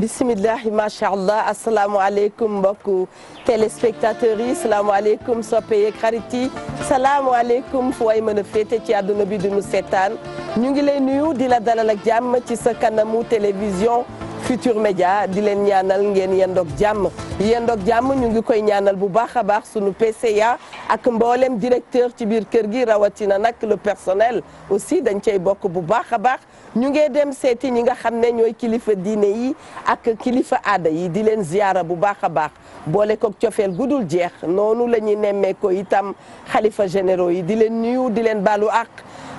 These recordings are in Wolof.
bisimilahi macha allah asalaamualeykum mbokku téléspectateurs yi salaamualeykum soppe yeeg xarit salaam salaamualeykum fu ay mën féete ci àdduna bi du nu seetaan ñu ngi lay nuyu di la dalal ak jàmm ci sa kanamu télévision. Futurs Médias di leen ñaanal ngeen yendoog jàmm yendoog jàmm ñu ngi koy ñaanal bu baax a baax sunu PCA ak mboolem directeur ci biir kër gi rawatina nag le personnel aussi dañ cey bokk bu baax a baax ñu ngee dem seeti ñi nga xam ne ñooy kilifa diine yi ak kilifa aada yi di leen ziyaara bu baax a baax boole koog cofeel gudul jeex noonu la ñuy nemmee ko itam xalifa généraux yi di leen nuyu di leen baalu àq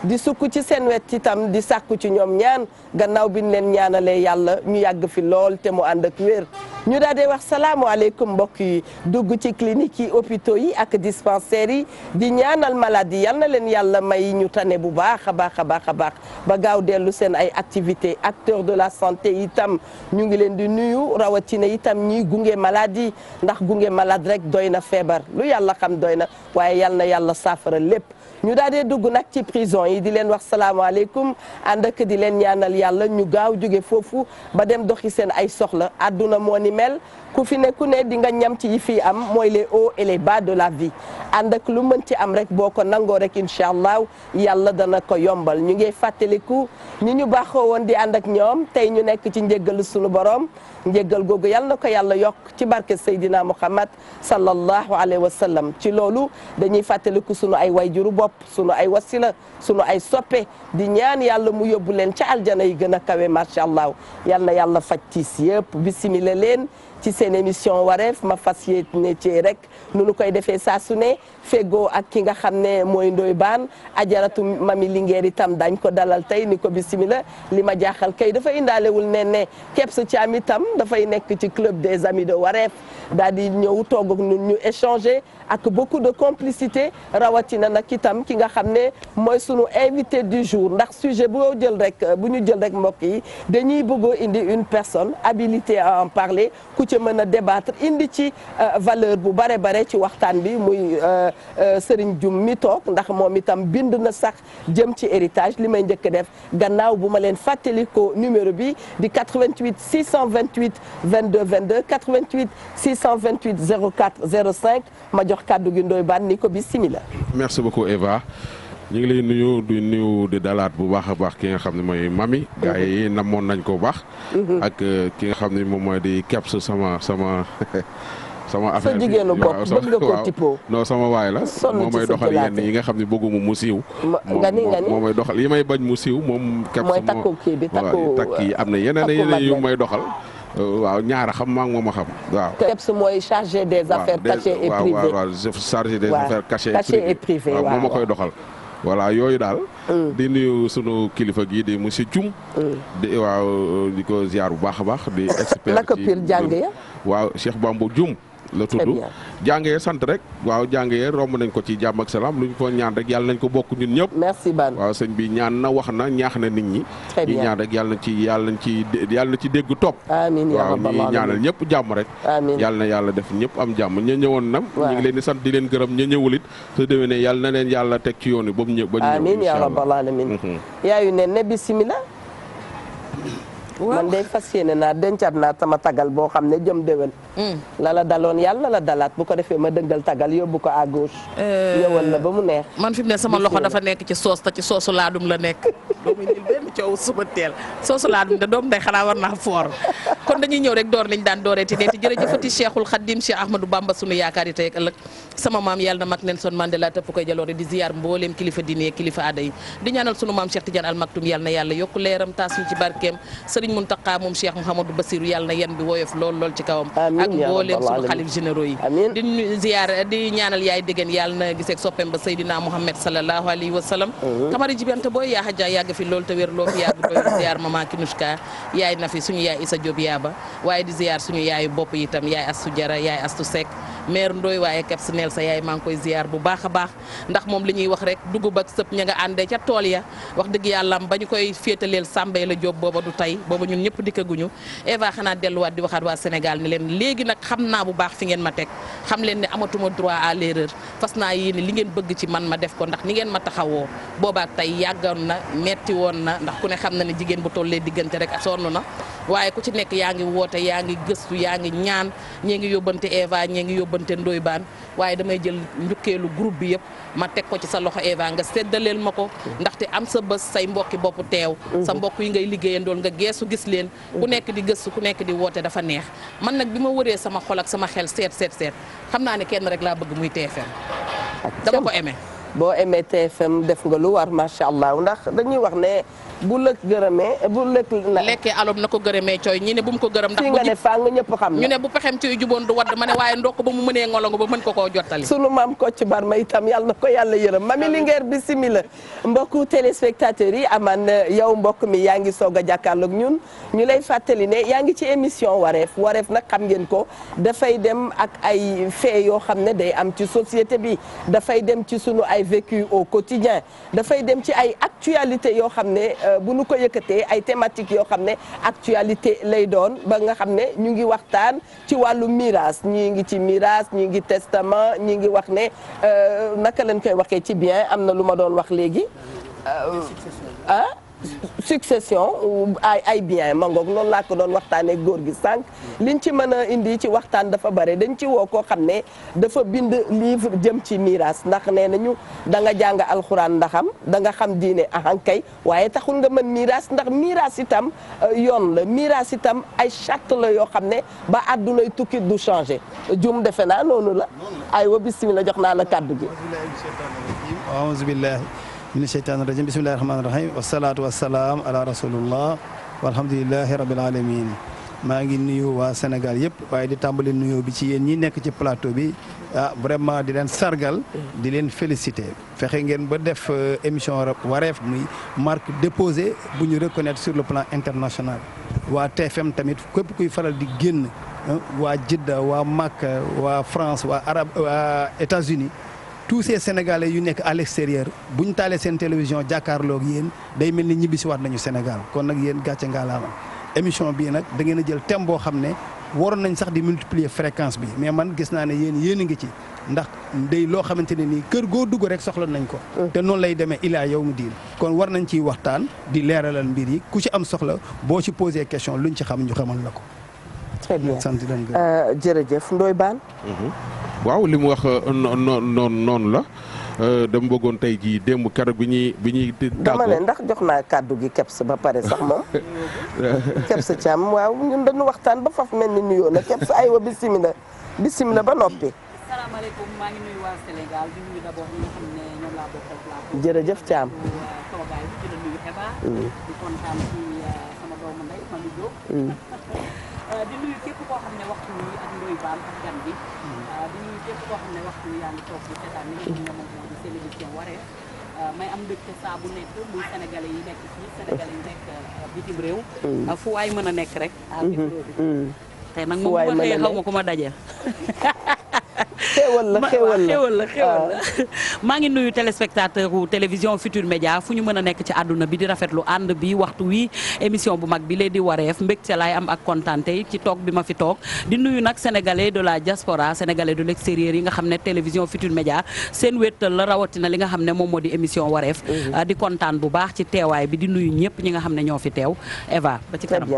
di sukk ci seen wet itam di sàkku ci ñoom ñaan gannaaw bi ñu leen ñaanalee yàlla ñu yàgg fi lool te mu ànd ak wér ñu daal di wax salaamualeykum mbokk yi dugg ci clinique yi hôpitaux yi ak dispensaires yi di ñaanal maladie yal na leen yàlla may ñu tane bu baax a baax a baax a baax ba gaaw dellu seen ay activité acteur de la santé itam ñu ngi leen di nuyu rawatina itam ñiy gunge malade yi ndax gunge malade rek doy na feebar lu yàlla xam doy na waaye yal na yàlla saafara lépp ñu daal di dugg nag ci prison yi di leen wax salaamaaleykum ànd ak di leen ñaanal yàlla ñu gaaw jóge foofu ba dem doxi seen ay soxla àdduna moo ni mel ku fi ne ku ne di nga ñam ci yi fii am mooy les hauts et les bas de la vie ànd ak lu mën ci am rek boo ko nangoo rek in incha allah yàlla dana ko yombal ñu ngi fàttaliku ñu ñu baaxoo woon di ànd ak ñoom tey ñu nekk ci njëggalu sunu borom njëggal googu yàlla na ko yàlla yokk ci barke Seydina Muhammad sallallahu alayhi wa sallam ci loolu dañuy fàttaliku sunu ay wayjuru bopp sunu ay wasila sunu ay soppe di ñaan yàlla mu yóbbu leen ca aljana yi gën a kawe macha allah yal na yàlla faj ci seen émission wareef ma fas yéene ci rek nu nu koy defee saa su ne feggoo ak ki nga xam ne mooy Ndoye Bane ajaratu Mami Linguère itam dañ ko dalal tey ni ko bisimila li ma jaaxal kay dafa indaalewul ne ne Kebs Thiam itam dafay nekk ci club des ami de wareef daal di ñëw toog ak ñu échanger ak beaucoup de complicité rawatina nag itam ki nga xam ne mooy sunu invité du jour ndax sujet boo jël rek bu ñu jël rek mbokk yi dañuy bëggoo indi une personne habilitée à en parler ku ci mën a débattre indi ci euh, valeur bu bare bare ci waxtaan bi muy euh, euh, Serigne Dioum mi toog ndax moom itam bind na sax jëm ci héritage li may njëkk def gannaaw bu ma leen fàttali ko numéro bi di 88 628 22 22 88 628 04 05 ma jox jox kàddu gi Ndoye Bane ni ko bismillah merci beaucoup Eva ñu ngi lay nuyu di nuyu di dalaat bu baax a baax ki nga xam ne mooy mami mhm. gars yi namoon nañ ko baax mhm. ak euh, ki nga xam ne moom mooy di keps sama sama sama affaire sa jigéenu bopp bëgg nga sama waay la moo may doxal yenn yi nga xam ne bëgguma mu siiw nga ni moo may doxal yi may bañ mu siiw moom keps mooy takku takk yi am na yeneen yeneen yu may doxal Euh, waaw ñaara xam maa ngi moom a xam waaw. KEPS mooy chargé des affaires cachées et privées waaw waaw chargé des affaires cachées moom a koy doxal. voilà yooyu daal. Mm. di nuyu sunu kilifa gii di monsieur Dioum. Mm. di waaw di ziar bu baax a baax. di expert ci naka pire ya. waaw Cheikh Bambou Dioum. la tudd jàngee sant rek waaw jàngee romb nañ ko ci jàmm ak salaam lu ko ñaan rek yàlla nañ ko bokk ñun ñëpp merci Ban waaw sëñ bi ñaan na wax na ñaax na nit ñi ñu ñaan rek yàlla nañ ci yàlla nañ ci yàlla ci dégg topp amiin waaw ñi ñaanal ñëpp jàmm rek amiin yàlla na yàlla def ñëpp am jàmm ña ñëwoon nag ñu ngi leen di sant di leen gërëm ña ñëwul it su ne na leen yàlla teg ci yoon yi ba mu ñëw ba ñu ñëw amiin mhm. yaayu ne ne bismillah man day fas yéene naa sama tagal boo xam ne jëm déwén hmm. la la daloon yàlla la dalaat bu ko defee ma dëggal tagal yóbbu ko à gauche euh, ñëwal la ba mu neex man fi ne sama loxo dafa nekk ci soos te ci soosu laadum la nekk doomu ñil benn coow suba teel soosu laadum da doom day xanaa war naa foor kon dañuy ñëw rek door liñ daan dooree ti deeti jërëjëfati Cheikhul Khadim Cheikh Ahmadou Bamba sunu yaakaar sama maam yàlla na mag Nelson Mandela tëpp koy jaloore di ziyaar mbooleem kilifa diine kilifa aada yi di ñaanal sunu maam Cheikh Serigne Mountakha moom Cheikh Mouhamadou Bassirou yàlla na yan bi woyof lool lool ci kawam ak mbooleem suñu xalif généraux yi di ziyaar di ñaanal yaay dégéen yàlla na giseeg soppeem ba Seydina Mouhamed sallallahu alayhi wa sallam mhm. kamari jibante boo yaa xaja yàgg fi loolu te wér loo fi yàgg doy ziyaar mama Kinushka yaay na fi suñu yaay Issa Diop ba waaye di ziyaar suñu yaayu bopp itam yaay Astu Jara yaay Astu Seck maire Ndoye waaye Kebs neel sa yaay maa koy ziar bu baax a baax ndax moom li ñuy wax rek duguba ak ña nga àndee ca tool ya wax dëgg yàlla ba ñu koy féetaleel Samba la joob booba du tey booba ñun ñëpp dikkaguñu Eva xanaa delluwaat di waxaat waa Sénégal ni leen léegi nag xam naa bu baax fi ngeen ma teg xam leen ne amatuma droit à l'erreur fas naa yéene li ngeen bëgg ci man ma def ko ndax ni ngeen ma taxawoo boobaak tey yàggoon na metti woon na ndax ku ne xam na ne jigéen bu tollee diggante rek sonn na waaye ku ci nekk yaa ngi woote yaa ngi gëstu yaa ngi ñaan ñi ngi yóbbante Eva ñi ngi yóbbante Joppante Ndoye Bane waaye damay jël njukkeelu groupe bi yëpp ma teg ko ci sa loxo Eva nga séddaleel ma ko ndaxte am sa bës say mbokki bopp teew sa mhm. mbokk yi ngay liggéeyandool nga geesu gis leen ku mhm. nekk di gëstu ku nekk di woote dafa neex man nag bi ma wëree sama xolak sama xel seet seet seet xam naa ne kenn rek laa bëgg muy TFM dama ko aimé boo aimé TFM def nga lu war macha allah ndax dañuy wax ne bu lëkk gërëmee bu lëkk. lekke alom na ko gërëmee cooy ñi ne bu mu ko gërëm. ndax bu nga faa nga ñëpp xam ñu ne bu pexem ci juboon du wadd ma ne waaye ndokk ba mu mënee ngolongo ba mën ko koo jottali. sunu maam Kocc Barma itam yàlla na ko yàlla yërëm mami Linguère bisimila mbokku téléspectateurs yi amaan yow mbokk mi yaa ngi soog a jàkkaarloog ñun ñu lay fàttali ne yaa ngi ci émission wareef wareef nag xam ngeen ko dafay dem ak ay fee yoo xam ne day am ci société bi dafay dem ci sunu ay vécu au quotidien dafay dem ci ay actualité yoo xam ne euh, bu nu ko yëkkatee ay thématique yoo xam ne actualité lay doon ba nga xam ne ñu ngi waxtaan ci wàllu miraas ñii ngi ci miraas ñii ngi testament ñii ngi wax ne euh, naka lañ koy waxee ci bien am na lu ma doon wax léegi euh, ah? succession ay ay bien ma ngoog noonu laa ko doon waxtaanee góor gi sànq liñ ci mën a indi ci waxtaan dafa bare dañ ci woo koo xam ne dafa bind livre jëm ci miiras ndax nee nañu da nga jàng alxuraan ndaxam da nga xam diine ahankay waaye taxul nga mën miiras ndax miiras itam euh, yoon la miiras itam ay charte la yoo xam ne ba àddunay tukki du changé jum defe naa noonu la ay wa bismillah jox naa la kàddu gi mina sheytaani rajim bismillahi rahmaani rahim wasalaatu wasalaam ala rasulillah walhamdulilahi rabil alamin maa ngi nuyu waa Sénégal yëpp waaye di tàmbali nuyoo bi ci yéen ñi nekk ci plateau bi ah vraiment di leen sargal di leen félicité fexe ngeen ba def euh, émission wareef muy marque déposé bu ñu reconnaître sur le plan international waa TFM tamit képp kuy faral di génn waa Jidda waa Makka waa France waa Arab waa États-Unis tous ces sénégalais yu nekk à l'extérieur bu taalee seen télévision jàkkaarloog yéen day mel ni ñibbisiwaat nañu Sénégal kon nag yéen gàcce ngaalaama émission bii nag da ngeen a jël thème boo xam ne waroon nañ sax di multiplier fréquence bi mais man gis naa ne yéen yéen a ngi ci ndax day loo xamante ne nii kër goo dugg rek soxla nañ ko. Mm. te noonu lay demee ilaa yow mu diin. kon war nañ ciy waxtaan di leeralal mbir yi ku ci am soxla boo ci posé question luñ ci xam ñu xamal la ko. très bien sant nañ ko euh, jërëjëf Ndoye Bane. Mm-hmm. waaw li mu wax euh, noonu la euh, dama bëggoon tey jii démb keroog bi ñuy bi ñuy. dama ne ndax jox naa kàddu gi Kebs ba pare sax moom. Kebs waaw ñun waxtaan ba faf mel ni nuyoo na ay wa bisimilah bisimilah ba noppi. salaamaaleykum bi euh, di la nuyu Eva. Mm. di kontaan ci koo xam ne waxtu yaa ngi toog di seetaan li nga xam ne moom moo di seen euh, am mbégte saa bu nekk muy sénégalais yi nekk fii sénégalais yi euh, réew mm. euh, fu waay mën a nekk rek tey nag moom bu ma xëyee xaw ma ku ma dajeel xéewal la xéewal la xéewal la xéewal la maa ngi nuyu téléspectateur u télévision Futur Média fu ñu mën a nekk ci àdduna bi di rafetlu ànd bi waxtu wi émission bu mag bi lee di wareef mbégte laay am ak kontante ci toog bi ma fi toog di nuyu nag sénégalais de la diaspora sénégalais de l'extérieur yi nga xam ne télévision Futur Média seen wéttal la rawatina li nga xam ne moom moo di émission wareef mhm. ah, di kontaan bu baax ci teewaay bi di nuyu ñëpp ñi nga xam ne ñoo fi teew Eva ba ci kanam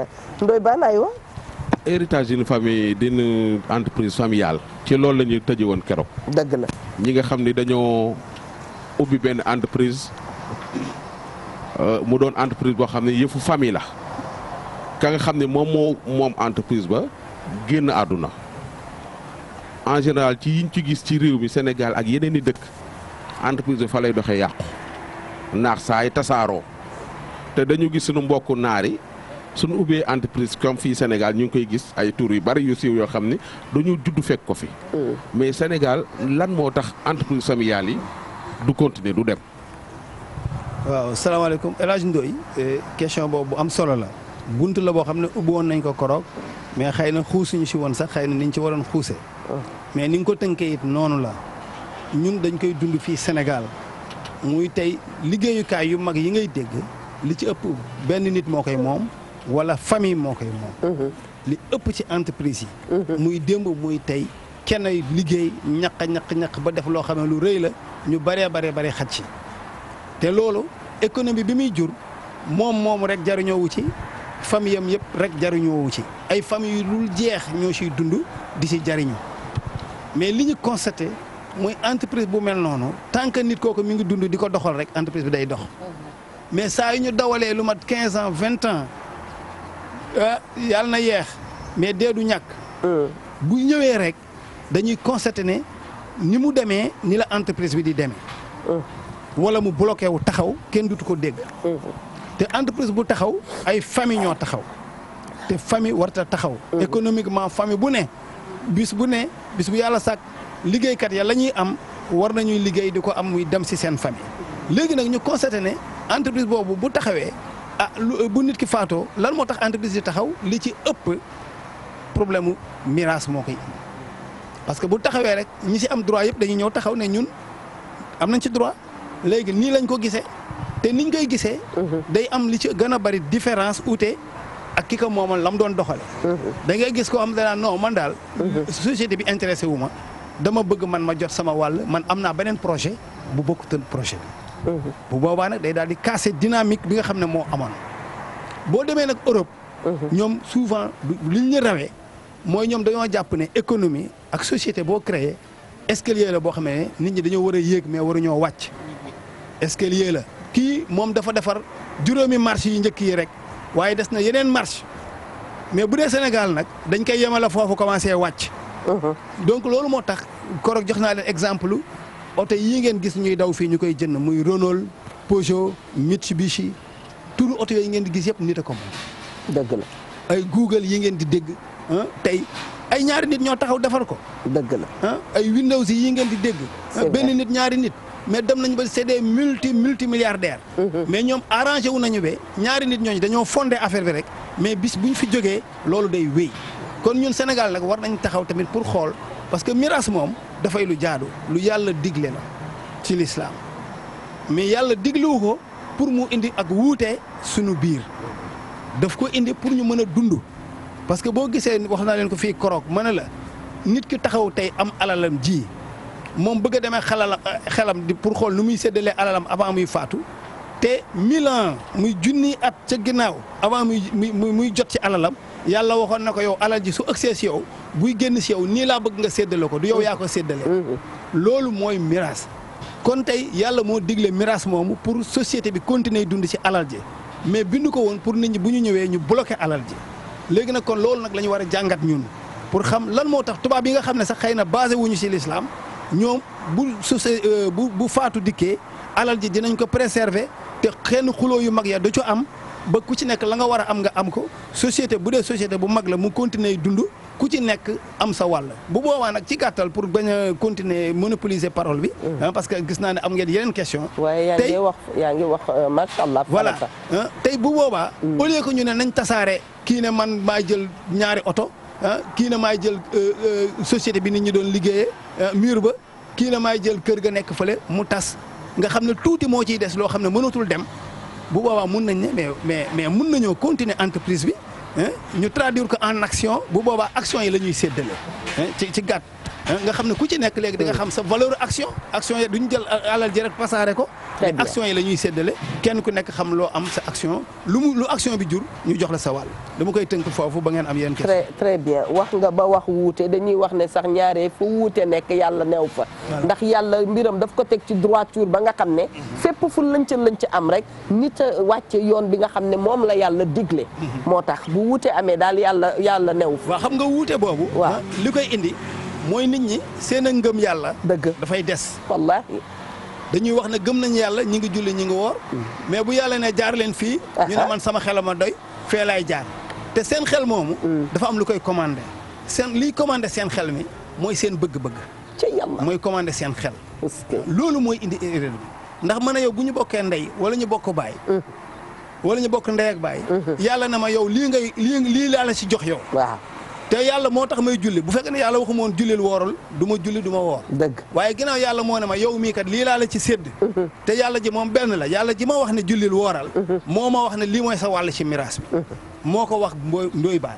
héritage d'une famille d'une entreprise familiale ci loolu la ñuy tëjee woon keroog. dëgg la ñi nga xam ni dañoo ubbi benn entreprise euh, mu doon entreprise boo xam ne yëfu famille la ka nga xam ne moom moom entreprise ba génn àdduna en général ci yiñ ci gis ci réew mi Sénégal ak yeneen i dëkk entreprise bi fa lay doxee yàqu naax saa yi tasaaroo te dañu gis suñu mbokku naar suñu ubbee entreprise comme fii Sénégal ñu ngi koy gis ay tour yu bari yu siiw yoo xam ne dañu judd fekk ko fi. Mm. mais Sénégal lan moo tax entreprise familiale yi du continuer du dem. waaw salaamaaleykum El Hadj Ndoye eh, question boobu am solo la bunt la boo xam ne ubbi nañ ko koroog mais xëy na xuusuñu si woon sax xëy na niñ ci waroon xuuse mm. mais ni nga ko tënkee it noonu la ñun dañ koy dund fii Sénégal muy tey liggéeyukaay yu mag yi ngay dégg li ci ëpp benn nit moo koy moom wala famille moo koy moom. Mhm. li ëpp ci entreprise yi. Mhm. muy démb muy tey kenn liggéey ñaq ñaq ñaq ba def loo xam ne lu rëy la ñu baree baree baree xaj ci te loolu économie bi muy jur moom moomu rek jariñoowu ci famille am yëpp rek jariñoowu ci ay famille lu jeex ñoo ciy dund di ci jariñu mais li ñu constaté mooy entreprise bu mel noonu tant que nit kooku mu ngi dund di ko doxal rek entreprise bi day dox mhm. mais saa yu ñu dawalee lu mat quinze ans vingt ans. Euh, yàlla na yeex mais dee du ñàkk. Euh. bu ñëwee rek dañuy constater ne ni mu demee ni la entreprise bi di demee. Euh. wala mu bloqué wu taxaw kenn dutu ko dégg. te entreprise bu taxaw ay famille ñoo taxaw te famille warta taxaw. économiquement famille bu ne bis bu ne bis bu yàlla sàkk liggéeykat ya la ñuy am war nañuy liggéey di ko am muy dem si seen famille léegi nag ñu constaté ne entreprise boobu bu taxawee. ah euh, bu nit ki faatoo lan moo tax entreprise di taxaw li ci ëpp problème mu miraas moo koy parce que bu taxawee rek ñi si am droit yëpp dañuy ñëw taxaw ne ñun am nañ ci droit léegi nii lañ ko gisee te niñ koy gisee. Mhm. day am li ci gën a bari différence uute ak ki ko moomal la mu doon doxal mhm. da ngay gis koo xam ne non man daal. Mhm. société bi intéressé wu ma dama bëgg man ma jot sama wàll man am naa beneen projet bu bokkut projet bi. bu boobaa nag day daal di casser dynamique bi nga xam ne moo amoon boo demee nag Europe. Mhm. ñoom souvent liñ ñu rawee mooy ñoom dañoo jàpp ne économie ak société boo créé escalier la boo xam ne nit ñi dañoo war a yéeg mais war a waruñoo wàcc escalier la kii moom dafa defar juróomi marche yu njëkk yi rek waaye des na yeneen marche mais bu dee Sénégal nag dañ koy yemale foofu commencé wàcc mhm. donc loolu moo tax koroog jox naa leen exemple oto yi ngeen gis ñuy daw fii ñu koy jënd muy Renault Peugeot Mitsubishi turu oto yooyu ngeen di gis yëpp nit a ko moom. dëgg la ay Google yi ngeen di dégg ah, tey ay ñaari nit ñoo taxaw defar ko. dëgg la ah, ay Windows yi ngeen di dégg. benn nit ñaari nit. mais dem nañu ba c'est des multi multi milliardaires. Mhm. mais ñoom arrangé wu nañu ba ñaari nit ñooñu dañoo fondé affaire bi rek mais bis bu ñu fi jógee loolu day wéy kon ñun Sénégal nag war nañ taxaw tamit pour xool. parce que miraas moom dafay lu jaadu lu yàlla digle la ci lislaam mais yàlla diglewu ko pour mu indi ak wuute sunu biir daf ko indi pour ñu mën a dund parce que boo gisee wax naa leen ko fii koroog mën a la nit ki taxaw tey am alalam ji moom bëgg a demee xelal xelam di pour xool nu muy séddalee alalam avant muy faatu te mille muy junni at ca ginnaaw avant muy muy muy jot ci alalam yàlla waxoon na ko yow alal ji su ëgsee si yow buy génn si yow nii laa bëgg nga séddale ko du yow yaa ko séddale. Mm-hmm. loolu mooy miraas. kon tey yàlla moo digle miraas moomu pour société bi continuer dund ci alal ji mais bindu ko woon pour nit ñi bu ñu ñëwee ñu bloqué alal ji léegi nag kon loolu nag la ñu war a jàngat ñun pour xam lan moo tax tubaab yi nga xam ne sax xëy na basé wuñu ci lislaam ñoom bu su euh, bu bu faatu dikkee. alal ji dinañ ko préserver te xenn xuloo yu mag ya du ci am ba ku ci nekk la nga war a am nga am ko société bu dee société bu mag la mu continuer dund ku ci nekk am sa wàll bu boobaa nag ci gàttal pour bañ a continuer monopoliser parole bi. Mm. Ah, parce que gis naa ne am ngeen yeneen question tey wax yaa ngi wax euh, macha allah. voilà ah, tey bu boobaa. Mm. au lieu ñu ne nañ tasaare kii ne man maa jël ñaari oto ah kii ne maa jël euh, euh, société bi nit ñu doon liggéeyee ah, mur ba kii ne maa jël kër ga nekk fële mu tas. nga xam ne tuuti moo ciy des loo xam ne mënatul dem bu boobaa mun nañ ne mais mais mun nañoo continuer entreprise bi ñu traduire ko en action bu boobaa action yi la ñuy séddale ci ci gàtt. nga xam ne ku ci nekk léegi di nga xam sa valeur action action yi duñ jël alal ji rek pasaare ko action yi lañuy ñuy kenn ku nekk xam loo am sa action lu mu lu action bi jur ñu jox la sa wàll dama koy tënk foofu ba ngeen am yéen très très bien wax nga ba wax wuute dañuy wax ne sax ñaaree fu wuute nekk yàlla neew fa ndax yàlla mbiram daf ko teg ci droiture ba nga xam ne mhm. fépp fu lënc lënc am rek nit a wàcc yoon bi nga xam ne moom la yàlla digle mhm. moo tax bu wuute amee daal yàlla yàlla new fa waaw xam nga wuute boobu li koy indi mooy nit ñi seen a ngëm yàlla. dëgg dafay des. wallaahi. dañuy wax ne gëm nañ yàlla ñi ngi julli ñi ngi woor. Mm. mais bu yàlla ne jaar leen fii. ñu ne man sama xel ma doy fee laay jaar. te seen xel moomu. Mm. dafa am lu koy commandé. seen liy commandé seen xel mi mooy seen bëgg-bëgg. mooy commandé seen xel. loolu mooy indi ren bi ndax man a yow bu ñu bokkee ndey wala ñu bokk baay. Mm. wala ñu bokk ndey ak baay. Mm-hmm. yàlla na ma yow lii ngay lii lii laa la ci jox yow. waaw te yàlla moo tax may julli bu fekkee ne yàlla waxuma woon jullil woorul du ma julli du ma woor dëgg waaye ginnaaw yàlla moo ne ma yow mii kat lii laa la ci sédd mm-hmm. te yàlla ji moom benn la yàlla ji ma wax ne jullil wooral mm-hmm. moo ma wax ne lii mooy sa wàll ci miraas bi mm-hmm. moo ko wax ndooy baan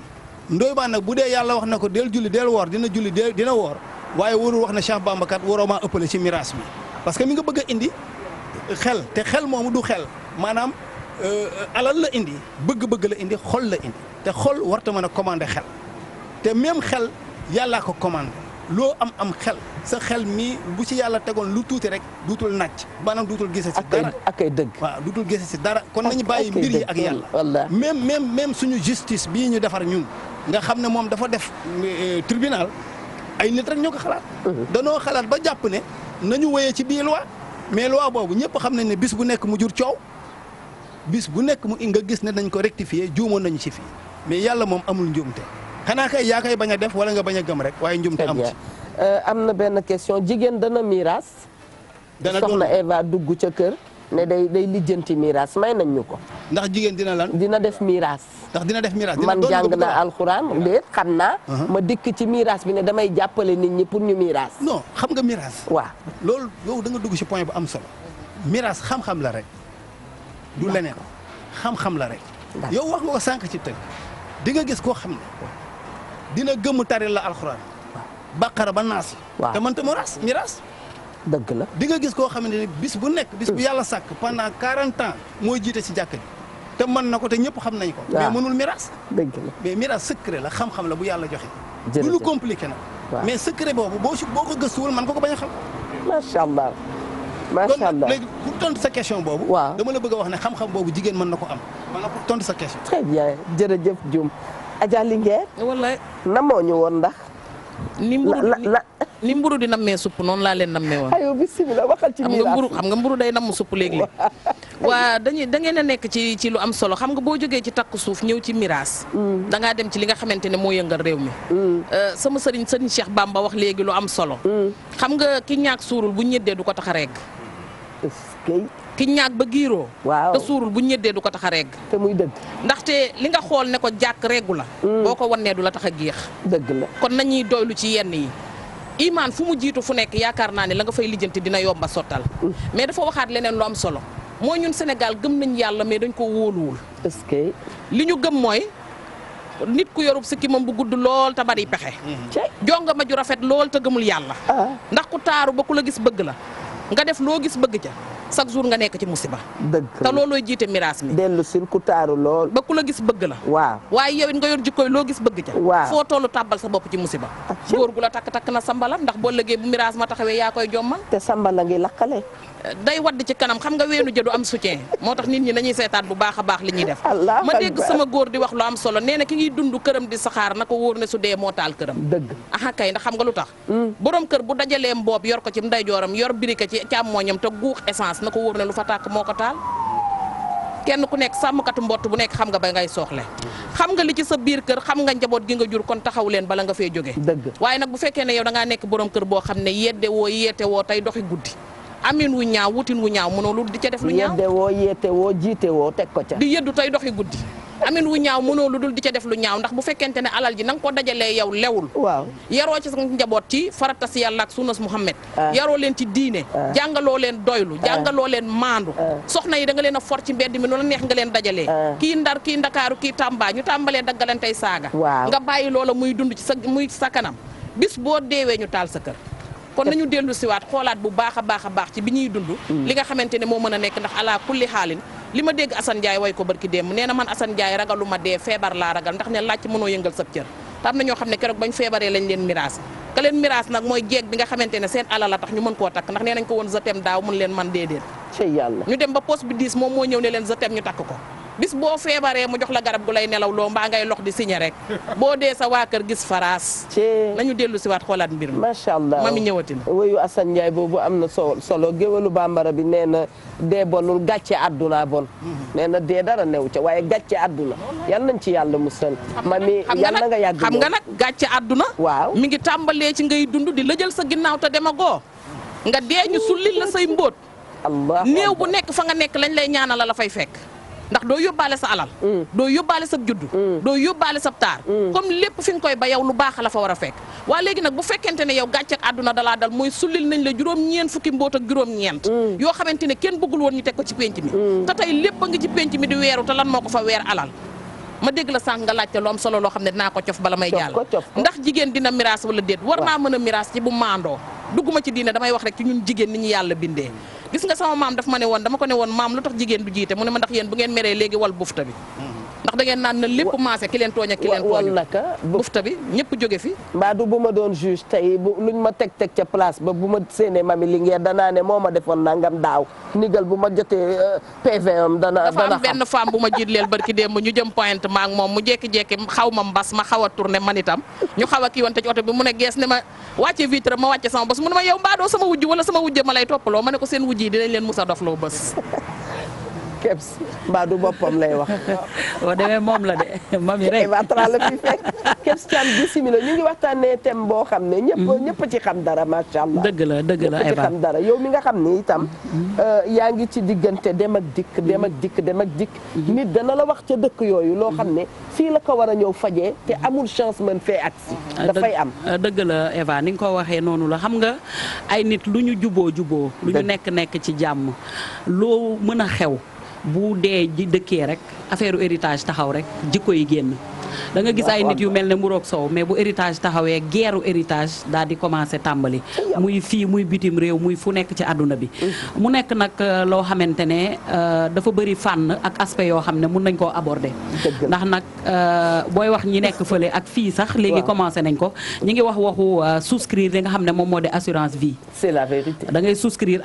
ndooy baan nag bu dee yàlla wax na ko del julli del woor dina julli del dina woor waaye warul wax ne Cheikh Bamba kat waroo maa ëppale ci miraas bi parce que mi nga bëgg a indi xel te xel moomu du xel maanaam euh, alal la indi bëgg-bëgg la indi xol la indi te xol warta mën a commandé xel te même xel yàllaa ko commande loo am am xel sa xel mii bu ci yàlla tegoon lu tuuti rek duutul nàcc maanaam duutul gise si dara ak ay dëgg waaw duutul gise si dara kon nañu bàyyi mbir yi ak yàlla même même même suñu justice bii ñu defar ñun nga xam ne moom dafa def euh, tribunal ay nit rek ñoo ko xalaat mhm. danoo xalaat ba jàpp ne nañu woyee ci bii loi mais loi boobu ñëpp xam nañ ne bis bu nekk mu jur coow bis bu nekk mu nga gis ne nañ ko rectifier juumoon nañu ci fii mais yàlla moom amul njuumte xanaa kay yaa koy bañ a def wala nga bañ a gëm rek waaye njumte am ci euh, am na benn question jigéen dana miiras dana soxna Eva dugg ca kër ne day day lijjanti miiras may nañ ñu ko ndax jigéen dina lan dina def miiras ndax dina def miiras man jàng naa alxuraan déet xam naa uh-huh. ma dikk ci miiras bi ne damay jàppale nit ñi pour ñu miiras non xam nga miiras waaw loolu yow da dugg ci point bu am solo miiras xam-xam la rek du leneen xam-xam la rek yow wax nga ko sànq ci tënk di nga gis koo xam dina gëmm tari la alxuraan. baqara ba naas. waaw te mënta mu raas mi dëgg la di nga gis koo xamante ne bis bu nekk. bis bu yàlla sàkk pendant quarante ans moo jiite si jàkk ji. te mën na ko te ñëpp xam nañ ko. mais mënul miraas. dëgg la mais miraas secret la xam-xam la bu yàlla joxe. du lu compliqué nag. mais secret boobu boo si boo ko gëstuwul man ko ko bañ a xam. macha allah macha allah léegi pour tontu sa question boobu. waaw dama la bëgg a wax ne xam boobu jigéen mën na ko am. maanaam pour tontu sa question. très bien jërëjëf Dioum Adja Linguère. wallaay namoo ñu woon ndax. ni mburu ni mburu di nammee supp noonu laa leen nammee woon. mburu xam nga mburu day namm waa dañuy da ngeen a nekk ci ci lu am solo xam nga boo jógee ci takku suuf ñëw ci miiraas. Mm. da dem ci li nga xamante ne moo yëngal réew mi. Mm. Euh, sama sëriñ sëriñ baam Bamba wax léegi lu am solo. Mm. xam nga ki ñaak suurul bu ñeddee du ko tax a regg. ki ñaag ba giiroo waaw te suurul bu ñeddee du ko tax a regg te muy dëgg ndaxte li nga xool ne ko jàkk regu la mm. boo ko wannee du la tax a géex dëgg la kon nañuy doylu ci yenn yi imaan fu mu jiitu fu nekk yaakaar naa ne la nga fay lijjanti dina yomba sottal mm. mais dafa waxaat leneen lu am solo moo ñun Sénégal gëm nañ yàlla mais dañ ko wóoluwul est li ñu gëm mooy nit ku yorub sikki moom bu gudd lool te bari pexe mm-hmm. jonga ma ju rafet lool te gëmul yàlla ah. ndax ku taaru ba ku la gis bëgg la chaque jour nga nekk ci musiba. dëgg te loolooy jiite miraas mi. dellu si ku taaru lool. ba la gis bëgg la. waa waaye yow it nga yor jikkooy loo gis bëgg ca. waaw foo tollu tàbbal sa bopp ci musiba. Ah, góor gu la takk takk na sambala ndax boo lëggee bu miraas ma taxawee yaa koy jommal. te sambala ngi lakkale. day wadd ci kanam xam nga weenu jëdu am soutien moo tax nit ñi nañuy seetaan bu baax a baax li ñuy def ma dégg sama góor di wax lu am solo nee na ki ngiy dund këram di saxaar na ko wóor ne su dee moo taal këram dëgg aha kay ndax xam nga lu tax hmm. borom kër bu dajalee mboob yor ko ci ndeyjooram yor birika ci càmmooñam te guux essence na ko wóor ne lu fa tàkk moo ko taal kenn ku nekk sàmmkatu mbott bu nekk xam nga ba ngay sooxle xam nga li ci sa biir kër xam nga njaboot gi nga jur kon taxaw leen bala nga fee jóge dëgg waaye nag bu fekkee ne yow da ngaa nekk borom kër boo xam ne yedde woo yeete woo tey doxi guddi amin wu ñaaw wutin wu ñaaw mënoo lu di ca def lu ñaaw yedde woo yeete woo teg ko ca di yeddu tey doxi guddi amin wu ñaaw mënoo lu dul di ca def lu ñaaw ndax bu fekkente ne alal ji na nga ko dajalee yow lewul waaw yaroo ci sa njaboot ci farata si yàlla ak sunas Muhammad ah. yaroo leen ci diine ah. jàngaloo leen doylu ah. jàngaloo leen maandu soxna yi da nga leen a for ci mbedd mi nu la neex nga leen dajalee kii ndar kii ndakaaru kii tàmba ñu tàmbalee tey saaga nga bàyyi loola muy dund ci sa muy sa kanam bis boo deewee ñu taal sa kër kon nañu dellu siwaat xoolaat bu baax a baax a baax ci bi ñuy dund mm. li nga xamante ne moo mën a nekk ndax ala kulli xaalin li ma dégg Assane Ndiaye way ko barki démb nee na man Assane Ndiaye ragalu ma dee feebar laa ragal ndax ne laaj mënoo yëngal sab cër te am na ñoo xam ne keroog bañ feebaree lañ leen miraas ka leen miraas nag mooy jeeg bi nga xamante ne seen alal la tax ñu mën koo takk ndax nee nañ ko woon zatem daaw mun leen man déedéet ñu dem ba poste moo ñëw ne leen zatem ñu ko bis boo feebaree mu jox la garab gu lay nelaw loo mbaa ngay lox di signé rek boo dee sa waa kër gis faraas. nañu dellu siwaat waat xoolaat mbir mi. macha allah mami ñëwati na. wéyu Assane Ndiaye boobu am na solo géwélu bambara bi nee na dee bonul gàcce àdduna bon. nee na dee dara new ca waaye gàcce àdduna yal nañ ci yàlla musal. mami yal na nga yàgg xam nga nag gàcce àdduna. waaw mi ngi tàmbalee ci ngay dund di lëjal sa ginnaaw te demagoo. nga dee ñu sullil la say mbóot. allah néew bu nekk fa nga nekk lañ lay ñaanal la fay fekk ndax doo yóbbaale sa alal mm. doo yóbbaale sa juddu mm. doo yóbbaale sa taar mm. comme lépp fi nga koy ba yow lu baax la fa war a fekk waa léegi nag bu fekkente ne yow gàcce ak àdduna dalaa dal mooy sullil nañ la juróom ñeent fukki mboot ak juróom ñeent yoo xamante ne kenn bëggul woon ñu teg ko ci penc mi te tey lépp a ngi ci penc mi di weeru te lan moo ko fa weer alal ma dégg la sànq nga laajte lu am solo loo xam ne dinaa ko cof bala may jàll ndax jigéen dina miraas wala déet war a miraas ci bu maandoo dugguma ci diine damay wax rek ci ñun jigéen ni ñu yàlla bindee gis nga sama maam daf ma ne woon dama ko ne woon maam lu tax jigéen du jiite mu ne ma ndax yéen bu ngeen meree léegi wal bufta bi hmm. ndax ngeen naan na lépp maase ki leen tooñ ki leen tooñ naka bufta bi ñëpp jóge fi mbaa du bu ma doon juge tey bu luñ ma teg-teg ca place ba bu ma séenee mami li ngeen danaa ne moo ma defoon nangam daaw nigal bu ma jotee euh, PV am dana dafa am benn femme bu ma jiitleel barki démb ñu jëm point ma ak moom mu jekki-jekki xaw ma mbas ma xaw a tourné man itam ñu xaw a kii woon te ci oto bi mu ne gees ne ma wàcce vitre ma wàcce sama bos mu ne ma yow mbaadoo sama wujj wala sama lay toppaloo ma ne ko seen yi dinañ leen musa dofloo bës keps mbaa du boppam lay wax. boo demee moom la de mami rek. Eva Tra la fi fekk keps Thiam ñu ngi waxtaanee thème boo xam ne. ñëpp mm-hmm. ñëpp ci xam dara macha allah. dëgg la dëgg la Eva dara yow mi nga xam ni itam. Mm-hmm. Euh, yaa ngi ci diggante dem ak dikk dem dikk dem ak dikk. Mm-hmm. nit dana la wax ca dëkk yooyu loo xam ne fii la ko war a ñëw fajee te amul chance man fee agsi. Ah, dafay am ah, dëgg la Eva ni nga ko waxee noonu la xam nga ay nit lu ñu juboo juboo lu ñu nekk nekk ci jàmm loo mën a xew. bu dee ji dëkkee rek affaire héritage taxaw rek jikko yi génn da nga gis ay nit yu mel ne muroog sow mais bu héritage taxawee geeru héritage daal di commencé tàmbali muy fii muy bitim réew muy fu nekk ci àdduna bi mu nekk nag euh, loo xamante ne euh, dafa bëri fànn ak aspect yoo xam ne mun nañ koo aborder ndax nag euh, booy wax ñi nekk fële ak fii sax léegi commencé nañ ko ñi ngi wax waxu souscrire li nga xam ne moom moo di assurance vie c'est la vérité da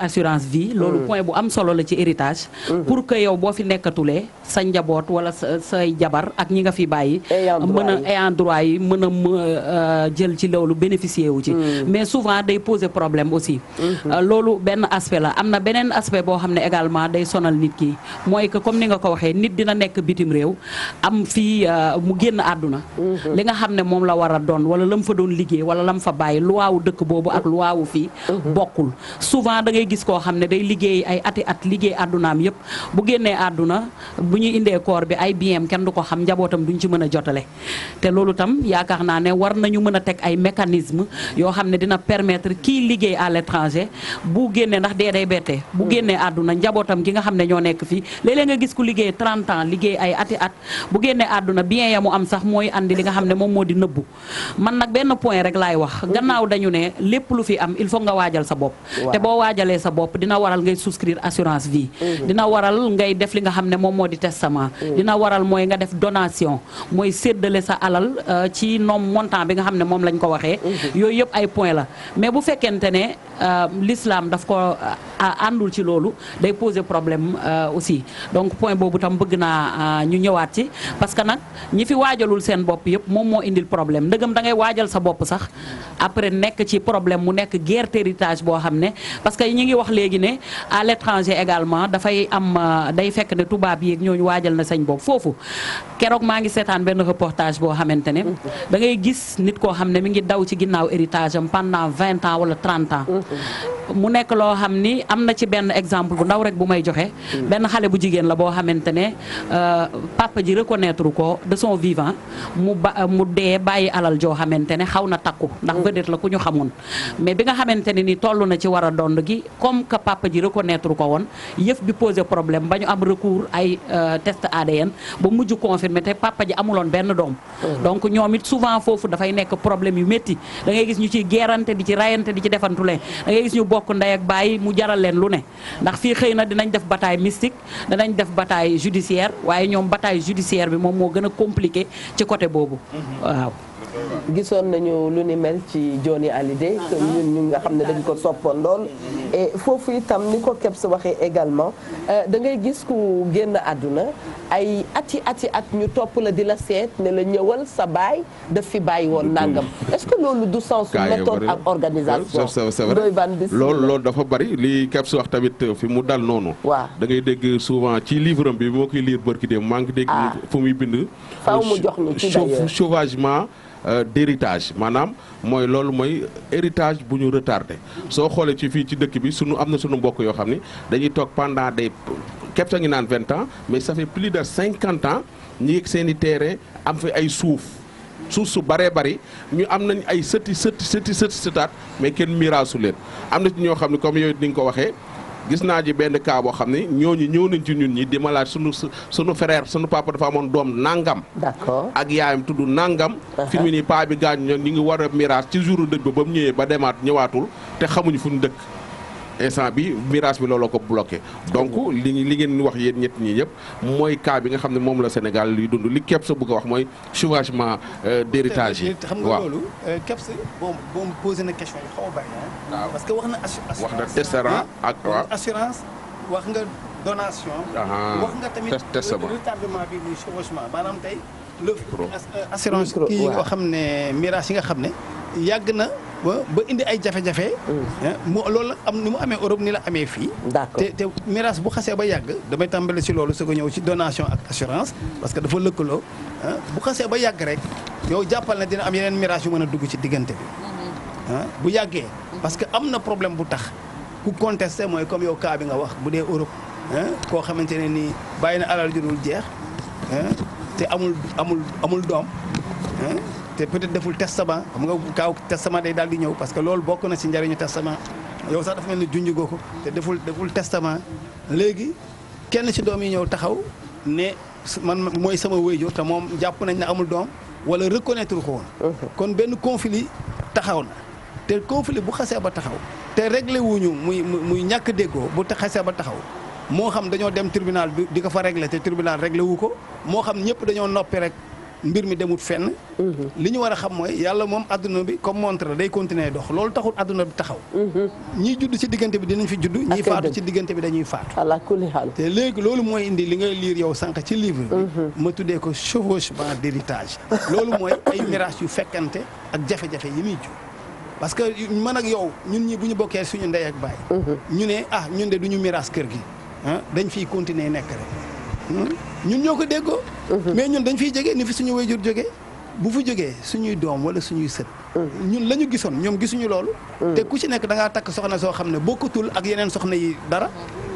assurance vie loolu mm. point bu am solo la ci héritage mm-hmm. pour que yow boo fi nekkatulee sa njaboot wala say jabar ak ñi nga fi bàyyi eh, mën a ayant droit yi mën a euh, jël ci loolu bénéficier wu ci hmm. mais souvent day poser problème aussi hmm. euh, loolu benn aspect la am na beneen aspect boo xam ne également day sonal nit ki mooy que comme ni nga ko waxee nit dina nekk bitim réew am fii euh, mu génn àdduna hmm. li nga xam ne moom la war a doon wala lam fa doon liggéey wala lam fa bàyyi luwaawu dëkk boobu ak luwaawu fii bokkul souvent da ngay gis koo xam ne day liggéey ay ati at liggéey àddunaam yëpp bu génnee àdduna bu ñu koor bi ay bien mën a jotale te loolu tam yaakaar naa ne war nañu mën a teg ay mécanisme yoo xam ne dina permettre kii liggéey à l'étranger bu génnee ndax dee day bette bu hmm. génnee àdduna njabootam ki nga xam ne ñoo nekk fii léeg nga gis ku liggéey 30 ans liggéey ay ati at bu génnee àdduna bien ya mu am sax mooy andi li nga xam ne moom moo di nëbbu man nag benn point rek laay wax hmm. gannaaw dañu ne lépp lu fi am il faut nga waajal sa bopp te boo waajalee sa bopp dina waral ngay souscrire assurance vie hmm. dina waral ngay def li nga xam ne moom moo di testament dina waral mooy nga def donation séddale sa alal euh, ci noom montant bi nga xam ne moom lañ ko waxee. Mhm. yooyu yëpp ay point la mais bu fekkente ne euh, lislaam daf ko euh, àndul ci loolu day poser problème aussi donc point boobu tam bëgg naa ñu ñëwaat ci parce que nag ñi fi waajalul seen bopp yëpp moom moo indil problème ndëgam da ngay waajal sa bopp sax après nekk ci problème mu nekk guerre héritage boo xam ne parce que ñi ngi wax léegi ne à l'étranger également dafay am day fekk ne tubaab yeeg ñooñu waajal na sañ bopp foofu keroog maa ngi seetaan benn reportage boo xamante ne da ngay gis nit koo xam ne mi ngi daw ci ginnaaw héritage am pendant vingt ans wala trente ans mu nekk loo xam ni am na ci benn exemple bu ndaw rek bu may joxe benn xale bu jigéen la boo xamante ne euh, papa ji reconnaître ko de son vivant mu ba mu dee bàyyi alal joo xamante ne xaw na takku ndax vedette la ku ñu xamoon mais bi nga xamante ne ni toll na ci war a dond gi comme que papa ji reconnaître ko woon yëf bi posé problème ba ñu am recours ay euh, test ADN ba mujj confirmé te papa ji amuloon benn doom mhm. donc ñoom it souvent foofu dafay nekk problème yu métti da ngay gis ñu ci gerante di ci rayante di ci defantu leen da gis ñu bokk ndey ak bàyyi mu jaral leen lu ne ndax fii xëy na dinañ def bataille mystique danañ def bataille judiciaire waaye ñoom bataille judiciaire bi moom moo gën a compliqué ci côté boobu mhm. waaw gisoon nañu lu ni mel ci Johnny Hallyday que ñun ñu nga xam ne dañ ko soppoon lool et foofu itam ni ko Kebs waxee également euh, da ngay gis ku génn àdduna ay ati ati at ñu topp la di la seet ne la ñëwal sa baay daf fi bàyyi woon nangam est-ce que loolu du sens méthode ak organisation doy ban loolu loolu dafa bari li Kebs wax tamit euh, fi mu dal noonu waaw da ngay dégg souvent ci livre bi moo koy lire bërki dem maa ngi dégg ah. fu muy bind faaw mu jox ñu ci d'ailleurs Euh, d'héritage maanaam mooy loolu mooy héritage bu ñu retardé soo xoolee ci fii ci dëkk bi sunu am na sunu mbokk yoo xam ni dañuy toog pendant des képp ngi naan vingt ans mais ça fait plus de cinquante ans ñu yegg seen i terrain am fi ay suuf. suuf su baree bari ñu am nañ ay sëti sëti sëti sëti sëtaat mais kenn miraasu leen am na ci ñoo xam ne comme yooyu ni nga ko waxee gis naa ji benn cas boo xam ne ñooñu ñëw nañ ci ñun ñi di ma laaj sunu sunu frère sunu papa dafa amoon doom nangam. d'accord ak yaayam tuddu nangam. Uh-huh. fi mu nii paa bi gaañu ñu ngi war a miraas ci jour dëj ba ba mu ñëwee ba demaat ñëwaatul te xamuñu fu ñu dëkk. instant bi mirage bi looloo ko bloqué donc li li ngeen wax yéen ñett ñi ñëpp mooy cas bi nga xam ne moom la Sénégal li dund li kepp sa bëgg a wax mooy chevauchement euh, d'héritage yi xam nga loolu euh, kepp sa posé na parce que wax na assurance wax na ak assurance wax nga donation wax nga bi muy chevauchement maanaam assurance kii yi xam ne miraas yi nga xam ne yàgg na ba indi ay jafe-jafe. Mm. Eh, mu loolu am ni mu amee Europe ni la amee fii. d'accord te te miraas bu xasee ba yàgg damay tàmbali si loolu su ko ñëw ci donation ak assurance parce que dafa lëkkaloo eh, bu xasee ba yàgg rek yow jàppal na dina am yeneen miraas yu mën a dugg ci diggante bi mm-hmm. eh, bu yàggee parce que am na problème bu tax ku contesté mooy comme yow kaa bi nga wax bu dee Europe koo xamante ne nii bàyyi na alal ju dul jeex. te amul amul amul doom te peut-être deful testament xam nga kaaw testament day daal di ñëw parce que loolu bokk na ci njariñu testament yow sax def mel ni junj ko te deful deful testament léegi kenn si doom yi ñëw taxaw ne man mooy sama wéyjur te moom jàpp nañ ne amul doom wala reconnaître ko woon mhm. kon benn conflit taxaw na te conflit bu xasee ba taxaw te réglé wuñu muy muy ñàkk déggoo bu xasee ba taxaw moo xam dañoo dem tribunal di ko fa régler te tribunal régler wu ko moo xam ñëpp dañoo noppi rek mbir mi demut fenn. Mhm. li ñu war a xam mooy yàlla moom adduna bi comme montre day continuer dox loolu taxul adduna bi taxaw. Mhm. ñiy judd ci diggante bi dinañ fi judd. ñiy faatu ci diggante bi dañuy faatu. allah kulli xaal te mooy indi li ngay liir yow sànq ci livre bi. Mhm. ma tuddee ko chevauchement d'héritage. loolu mooy ay miraas yu fekkante ak jafe-jafe yi muy jur. parce que man ak yow ñun ñii bu ñu bokkee suñu ndey ak baay. ñu ne ah ñun de duñu miraas kër gi. Ah, dañ fiy continuer nekk rek hmm? ñun ñoo ko déggoo. Mhm. mais ñun dañ fiy jógee ni fi suñu wayjur jógee bu fi jógee suñuy doom wala suñuy sët. Mhm. ñun la ñu gisoon ñoom gisuñu loolu. Mhm. te ku ci nekk da ngaa takk soxna soo xam ne bokkatul ak yeneen soxna yi dara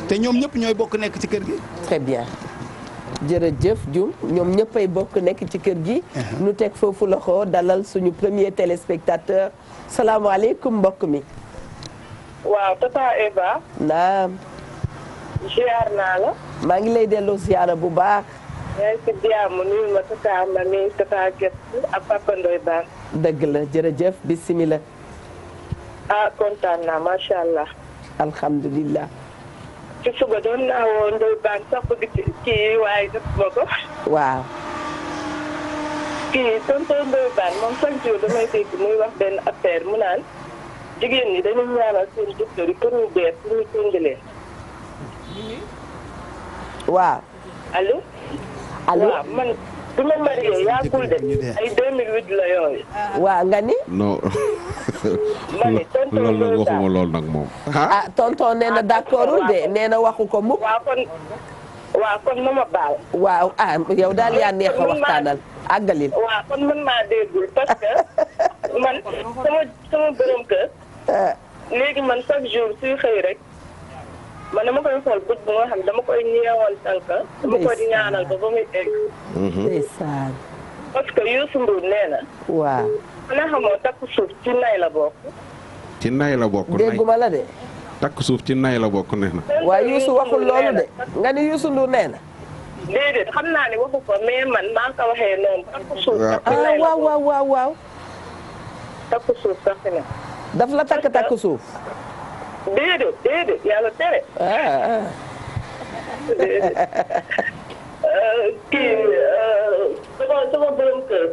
te ñoom ñëpp ñooy bokk nekk ci kër gi. très bien. jërëjëf Dioum ñoom ñëppay bokk nekk ci kër gi. nu uh-huh. teg foofu loxo dalal suñu premier téléspectateur salaamaaleykum mbokk mi. waaw tata Eva. naam. ziar naa la. maa ngi lay delloo ziara bu baax. yaa ngi si jàmm nuyu ma tata ak papa Ndoye Bane. dëgg la jërëjëf bisimilah. ah kontaan naa macha allah. alhamdulilah. ci suba doon naa woo Ndoye Bane sax bëgg ci waaye def ma ko. waaw. kii tonton Ndoye Bane moom chaque jour damay dégg muy wax benn affaire mu naan jigéen ñi dañuy ñaanal seen docteur yi pour ñu dee pour ñu tëngalee. waaw. allo. allo waaw man. du ma marié de ay 2008 la yooyu. waaw nga ni. non. nag moom. Ah? ah tonton nee na d'accordul de nee na waxu ko mukk. waaw kon waaw kon ma ma baal. waaw ah yow daal yaa neex a waxtaanal àggalil. waaw kon man maa déggul parce man sama sama borom ah. léegi man chaque jour suy xëy man dama koy xool bët bu nga xam dama koy ñeewoon sànq. dama koy ñaanal ba ba muy egg. Mhm. ndeysaan. parce que Youssou Ndour nee na. waaw. mën a xamoo takk suuf ci nay la bokk. ci nay la bokk. dégguma la de. takk suuf ci nay la bokk nee na. waaye Youssou waxul loolu de. nga ni Youssou Ndour nee na. déedéet xam naa ne waxu ko mais man maa ko waxee noonu. takk suuf sax ci nay la ah, waaw waaw waaw waaw. takk suuf sax ci na. daf la takk takk suuf. déedéet déedéet yàlla tere. déedéet. Ah. kii ah, sama sama borom kër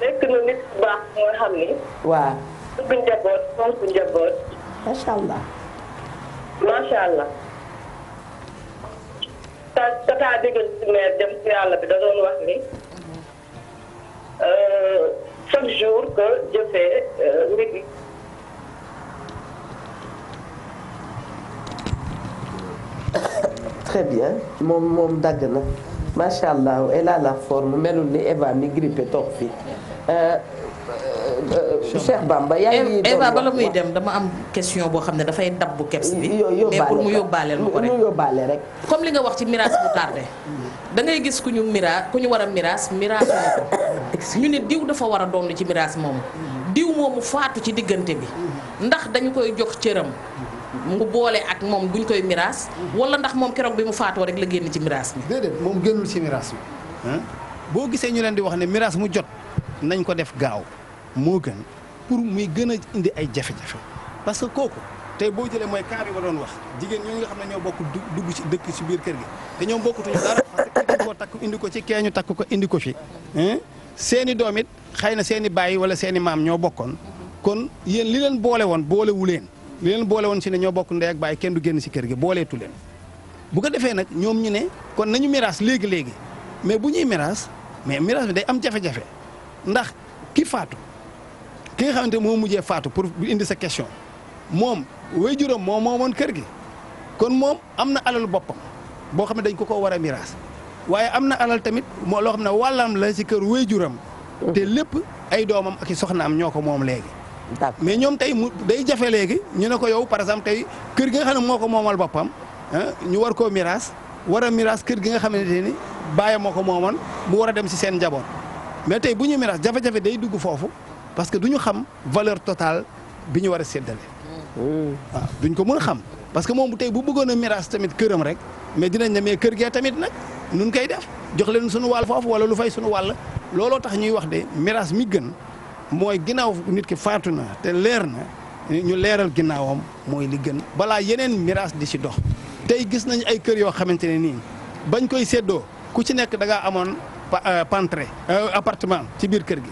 nekk na nit bu baax moo xam ni. waaw. bëgg njaboot fonk njaboot. macha allah. macha allah. ta tataa déggal meer dem si yàlla bi da doon wax ni. Ah, chaque jour que jëfee très bien moom moom dagg na macha allah elle a la forme melul ni Eva mi grippé toog fii. Euh, euh, euh, Cheikh Bamba yaa ngi. Eva bala muy dem dama am question boo xam ne dafay dabb keps bi. mais pour mu yóbbaaleel ma ko rek comme li nga wax ci miraas bu tardé. da ngay gis ku ñu miraas ku ñu war a miraas miraas ko ñu ne diw dafa war a doon ci miraas moomu. diw moomu faatu ci diggante bi. ndax dañu koy jox cëram. mu boole ak moom buñ koy miraas wala ndax moom keroog bi mu faatoo rek la génn ci miraas mi déedéet moom génnul ci miraas bi boo gisee ñu leen di wax ne miraas mu jot nañ ko def gaaw moo gën pour muy gën a indi ay jafe-jafe parce que kooku tey boo jëlee mooy cas bi ma doon wax jigéen ñoo nga xam ne ñoo bokk dugg ci dëkk ci biir kër gi te ñoom bokkutuñu dara parce que dañ koo takk indi ko ci kee ñu takk ko indi ko fi seen i doom xëy na seen i baay wala seen i maam ñoo bokkoon kon yéen li leen boole woon boolewu leen li leen boole woon si ne ñoo bokk ndey ak baay kenn du génn si kër gi booleetu leen bu ko defee nag ñoom ñu ne kon nañu miraas léegi léegi mais bu ñuy miraas mais miraas bi day am jafe-jafe ndax ki faatu ki nga xamante moo mujjee faatu pour indi sa question moom way juróom moo moomoon kër gi kon moom am na alalu boppam boo xam ne dañ ko ko war a miraas waaye am na alal tamit moo loo xam ne wàllam la si kër way te lépp ay doomam ak i soxnaam ñoo ko moom léegi mais ñoom tey mu day jafe léegi ñu ne ko yow par exemple tey kër gi nga xam moo ko moomal boppam ñu war koo miraas war a miraas kër gi nga xamante ni bàyyi moo ko moomoon bu war a dem si seen njaboot mais tey bu ñu miraas jafe-jafe day dugg foofu parce que du ñu xam valeur totale bi ñu war a séddale. waaw hmm. ah, duñ ko mun a xam parce que moom tey bu bëggoon a miraas tamit këram rek mais dinañ ne mais kër gee tamit nag nun koy def jox leen suñu wàll foofu wala lu fay su wàll looloo tax ñuy wax de miraas mi gën. mooy ginnaaw nit ki faatu na te leer na ñu leeral ginnaawam mooy li gën balaa yeneen miraas di ci dox tey gis nañ ay kër yoo xamante ne nii bañ koy seddoo ku ci nekk da ngaa amoon pantre euh, euh, appartement ci biir kër gi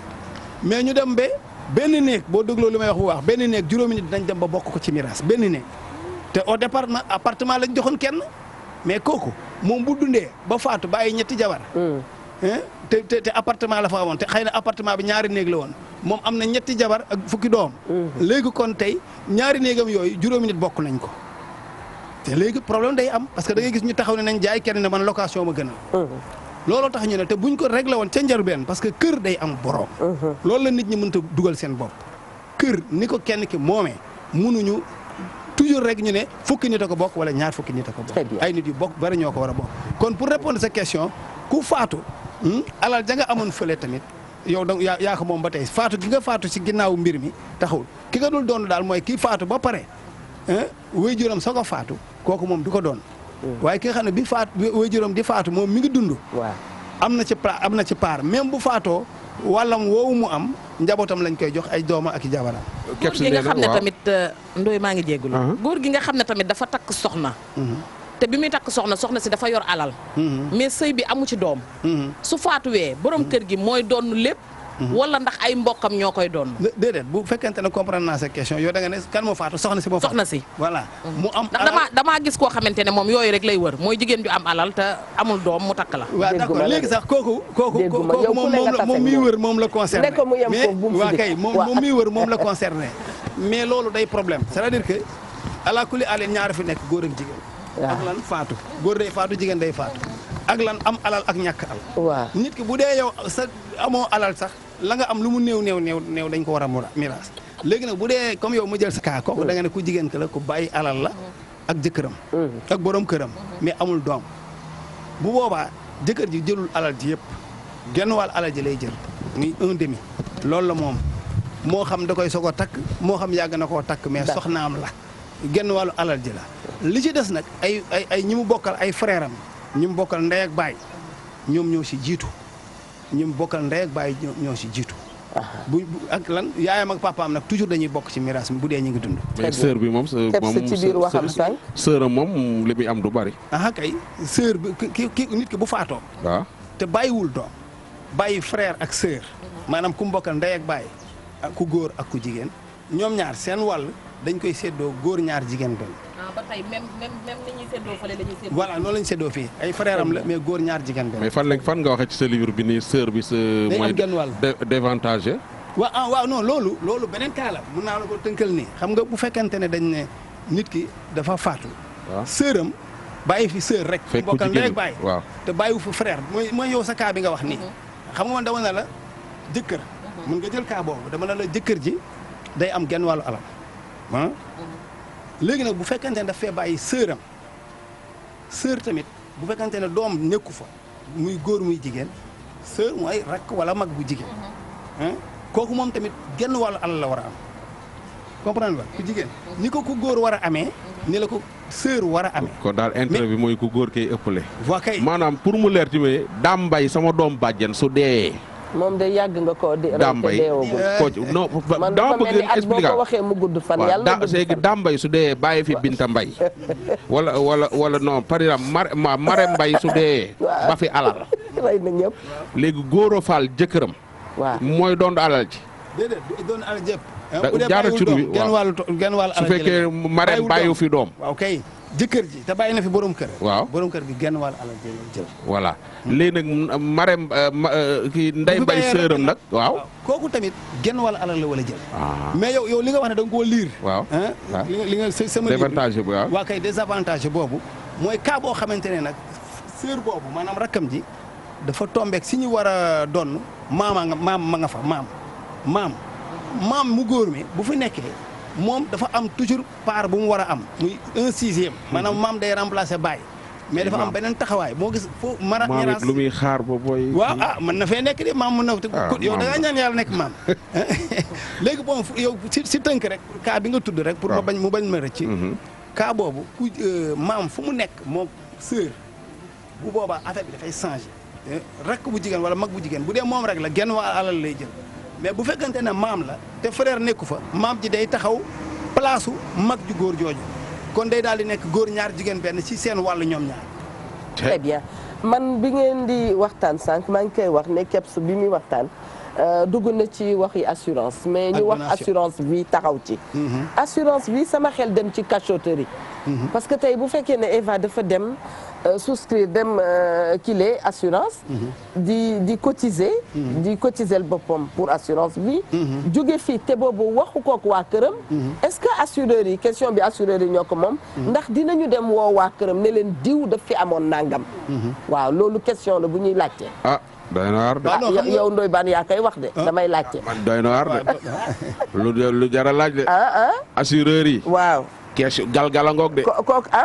mais ñu dem ba benn néeg boo dégloo li may wax bu baax benn néeg juróomi nit dinañ dem ba bokk ko ci miraas benn néeg te au départ na appartement lañ joxoon kenn mais kooku moom bu dundee ba faatu bàyyi ñetti jabar mm. te te te la fa amoon te xay na appartement bi ñaari néeg la woon moom am na ñetti jabar ak fukki doom. Mhm. léegi kon tey ñaari néegam yooyu juróomi nit bokk nañ ko. te léegi problème day am parce que da gis ñu taxaw ne nañ jaay kenn ne man location ma gënal. Mhm. looloo tax ñu ne te buñ ko réglé woon ca njëlbéen parce que kër day am borom. Mhm. loolu la nit ñi mënta dugal seen bopp. kër ni ko kenn ki moomee munuñu toujours rek ñu ne fukki nit a ko bokk wala ñaar fukki nit a ko bokk. ay nit yu bokk bari ñoo ko war a bokk. kon pour question ku faatu. alal ja nga amoon fële tamit yow da yaa ko moom ba tey faatu gi nga faatu si ginnaawu mbir mi taxul ki nga dul doon daal mooy kii faatu ba pare way juróom soo ko faatu kooku moom du ko doon. Hmm. waaye ki nga xam ne bi faatu way juróom di faatu moom mi ngi dund. am na ci pa am na ci paar même bu faatoo wàllam woowu mu am njabootam lañ koy jox ay dooma ak i jabaram. góor gi nga xam ne tamit euh, ndoy maa ngi jégalu. Uh-huh. góor gi nga xam ne tamit dafa takk soxna. Mm-hmm. te bi muy takk soxna soxna si dafa yor alal. Mm-hmm. mais sëy bi amu ci doom. Mm-hmm. su faatuwee borom kër gi mooy doon lépp. Mm-hmm. wala ndax ay mbokkam ñoo koy doon. déedéet bu fekkente ne comprendre naa sa question yow da nga ne kan moo faatu si moo faatu. soxna si voilà. mu am ndax damaa gis koo xamante ne moom yooyu rek lay wër mooy jigéen ju am alal te amul doom mu takk la. waaw d'accord léegi sax kooku. kooku kooku moom moom miy wër moom la concerné. ne ko mu moom moom miy moom la concerné. mais loolu day problème c'est-à-dire que alaa kulli aleen ñaar fi nekk góor ak jigéen ak lan faatu góor day faatu jigéen day faatu ak lan am alal ak ñàkk al waaw ki bu dee yow sa amoo alal sax la nga am lu mu néew néew néew néew dañ ko war a miraas léegi nag bu dee comme yow ma jël sa kaa kooku mm. da nga ne ku jigéen ka la ku bàyyi alal la mm. ak jëkkëram mm. ak borom këram mm-hmm. mais amul doom bu boobaa jëkkër ji jëlul alal ji yëpp genn wàll alal ji lay jël muy un demi loolu la moom moo xam da koy soog a takk moo xam yàgg na koo takk mais soxnaam la genn wàllu alal ji la li ci des nag ay ay ay ñi bokkal ay frère am ñi mu bokkal ndey ak baay ñoom ñoo si jiitu ñi mu bokkal ndey ak ñoo si jiitu. bu ak lan yaayam ak papaam nag toujours dañuy bokk ci miraas mi bu dee ñu ngi dund. mais bi moom ci biir waxam sànq. sœur am moom li muy am du bari. ah kay sœur bi ki nit ki bu faatoo. waaw te bàyyiwul doom bàyyi freer ak sœur. maanaam ku mu bokkal ndey ak ku góor ak ku jigéen ñoom ñaar seen wàll. dañ koy séddoo góor ñaar jigéen benn. ah ba tey même même même noonu la ñu séddoo fii ay frère la mais góor ñaar jigéen benn. mais fan lañ fan nga waxee ci sa livre bi nii sœur bi sa. mooy dévantage. waaw ah waaw non loolu loolu beneen kaala la mun naa la ko tënkal nii xam nga bu fekkente ne dañ ne nit ki dafa faatu. waaw bàyyi fi sër rek. fekku jigéen rek bàyyi. waaw te bàyyiwu fi frère mooy mooy yow sa bi nga wax nii. Mhm. xam nga man dama ne la jëkkër. Mhm. mën nga jël kaaboo dama ne la jëkkër ji day am genn wàllu alal ah léegi nag bu fekkante ne daf fee bàyyi sëram sër tamit bu fekkante ne doom nekku fa muy góor muy jigéen sër ay rakk wala mag bu jigéen mm-hmm. ah kooku moom tamit genn wàllu alal la war a am comprendre nga ku jigéen ni ko ku góor war a amee ni la ko sœur war a amee kon daal intérêt bi mooy ku góor koy ëppale waa kay maanaam pour mu leer ci daam mbay sama doom bàjjen su deeyee moom de yàgg nga ko di. dambay koo ci non dama bëgg leen expliquer man waxee mu gudd fan. yàlla gudd dambay su dee bàyyi fi Binta Mbay wala wala wala non par exemple Mare Mare Mbay su dee. ba fi alal. rey Goro Fall jëkkëram. waaw mooy doon alal ji. déedéet doon alal jëpp. su fekkee Mare bàyyiwu fi doom. jëkkër ji te bàyyi na fi borom kër. waaw borom kër gi genn wàll alal jël jël. voilà léegi nag marem euh, euh, kii nday bay sëram nag. waaw kooku tamit genn wàll alal la wala jël. Ah. mais yow yow li nga wax ne da koo liir. waaw ah. li nga li nga sama. désavantage bi waa kay désavantage boobu. mooy kaa boo xamante ne nag sër boobu maanaam rakkam ji dafa tombeek si ñu war a donn maama nga maam ma nga fa maam maam mu góor mi bu fi nekkee. moom dafa am toujours par bu mu war a am muy un sixième maanaam maam day remplacer baay mais dafa am beneen taxawaay moo gis foo mara maam lu muy xaar ba booy waaw ah mën na fee nekk de maam mën na ko ah, yàlla nekk maam léegi bon yow si si tënk rek cas bi nga tudd rek pour ma bañ mu bañ ma rëcc mhm. kaa boobu ku euh, maam fu mu nekk moo sœur bu boobaa affaire bi dafay changé eh, rek bu jigéen wala mag bu jigéen bu dee moom rek la genn waa alal lay jël mais bu fekkante ne maam la te frère nekku fa maam ji day taxaw place su mag ju góor jooju kon day daal di nekk góor ñaar jigéen benn si seen wàllu ñoom ñaar. très bien man bi ngeen di waxtaan sànq maa ngi koy wax ne keps bi muy waxtaan. Euh, dugg na ci waxi assurance mais ñu wax assurance bi taxaw ci mhm. assurance bi sama xel dem ci cachotterie mhm. parce que tey bu fekkee ne Eva dafa dem euh, souscrire dem euh, kile assurance mhm. di di cotiser di cotiser boppam pour assurance bi jóge fii te boobu waxu kook waa këram est-ce que assureurs yi question bi assureurs yi ñoo ko moom ndax dinañu dem woo waa këram ne leen diw daf fi amoon nangam loolu question la bu ñuy laajte ah, doy na waar de. Ah, yow Ndoye yaa koy wax de ah. damay laajte. Ah, doy na waar de lu lu a laaj de. assureur yi. waaw. kees galgala ngoog de. ko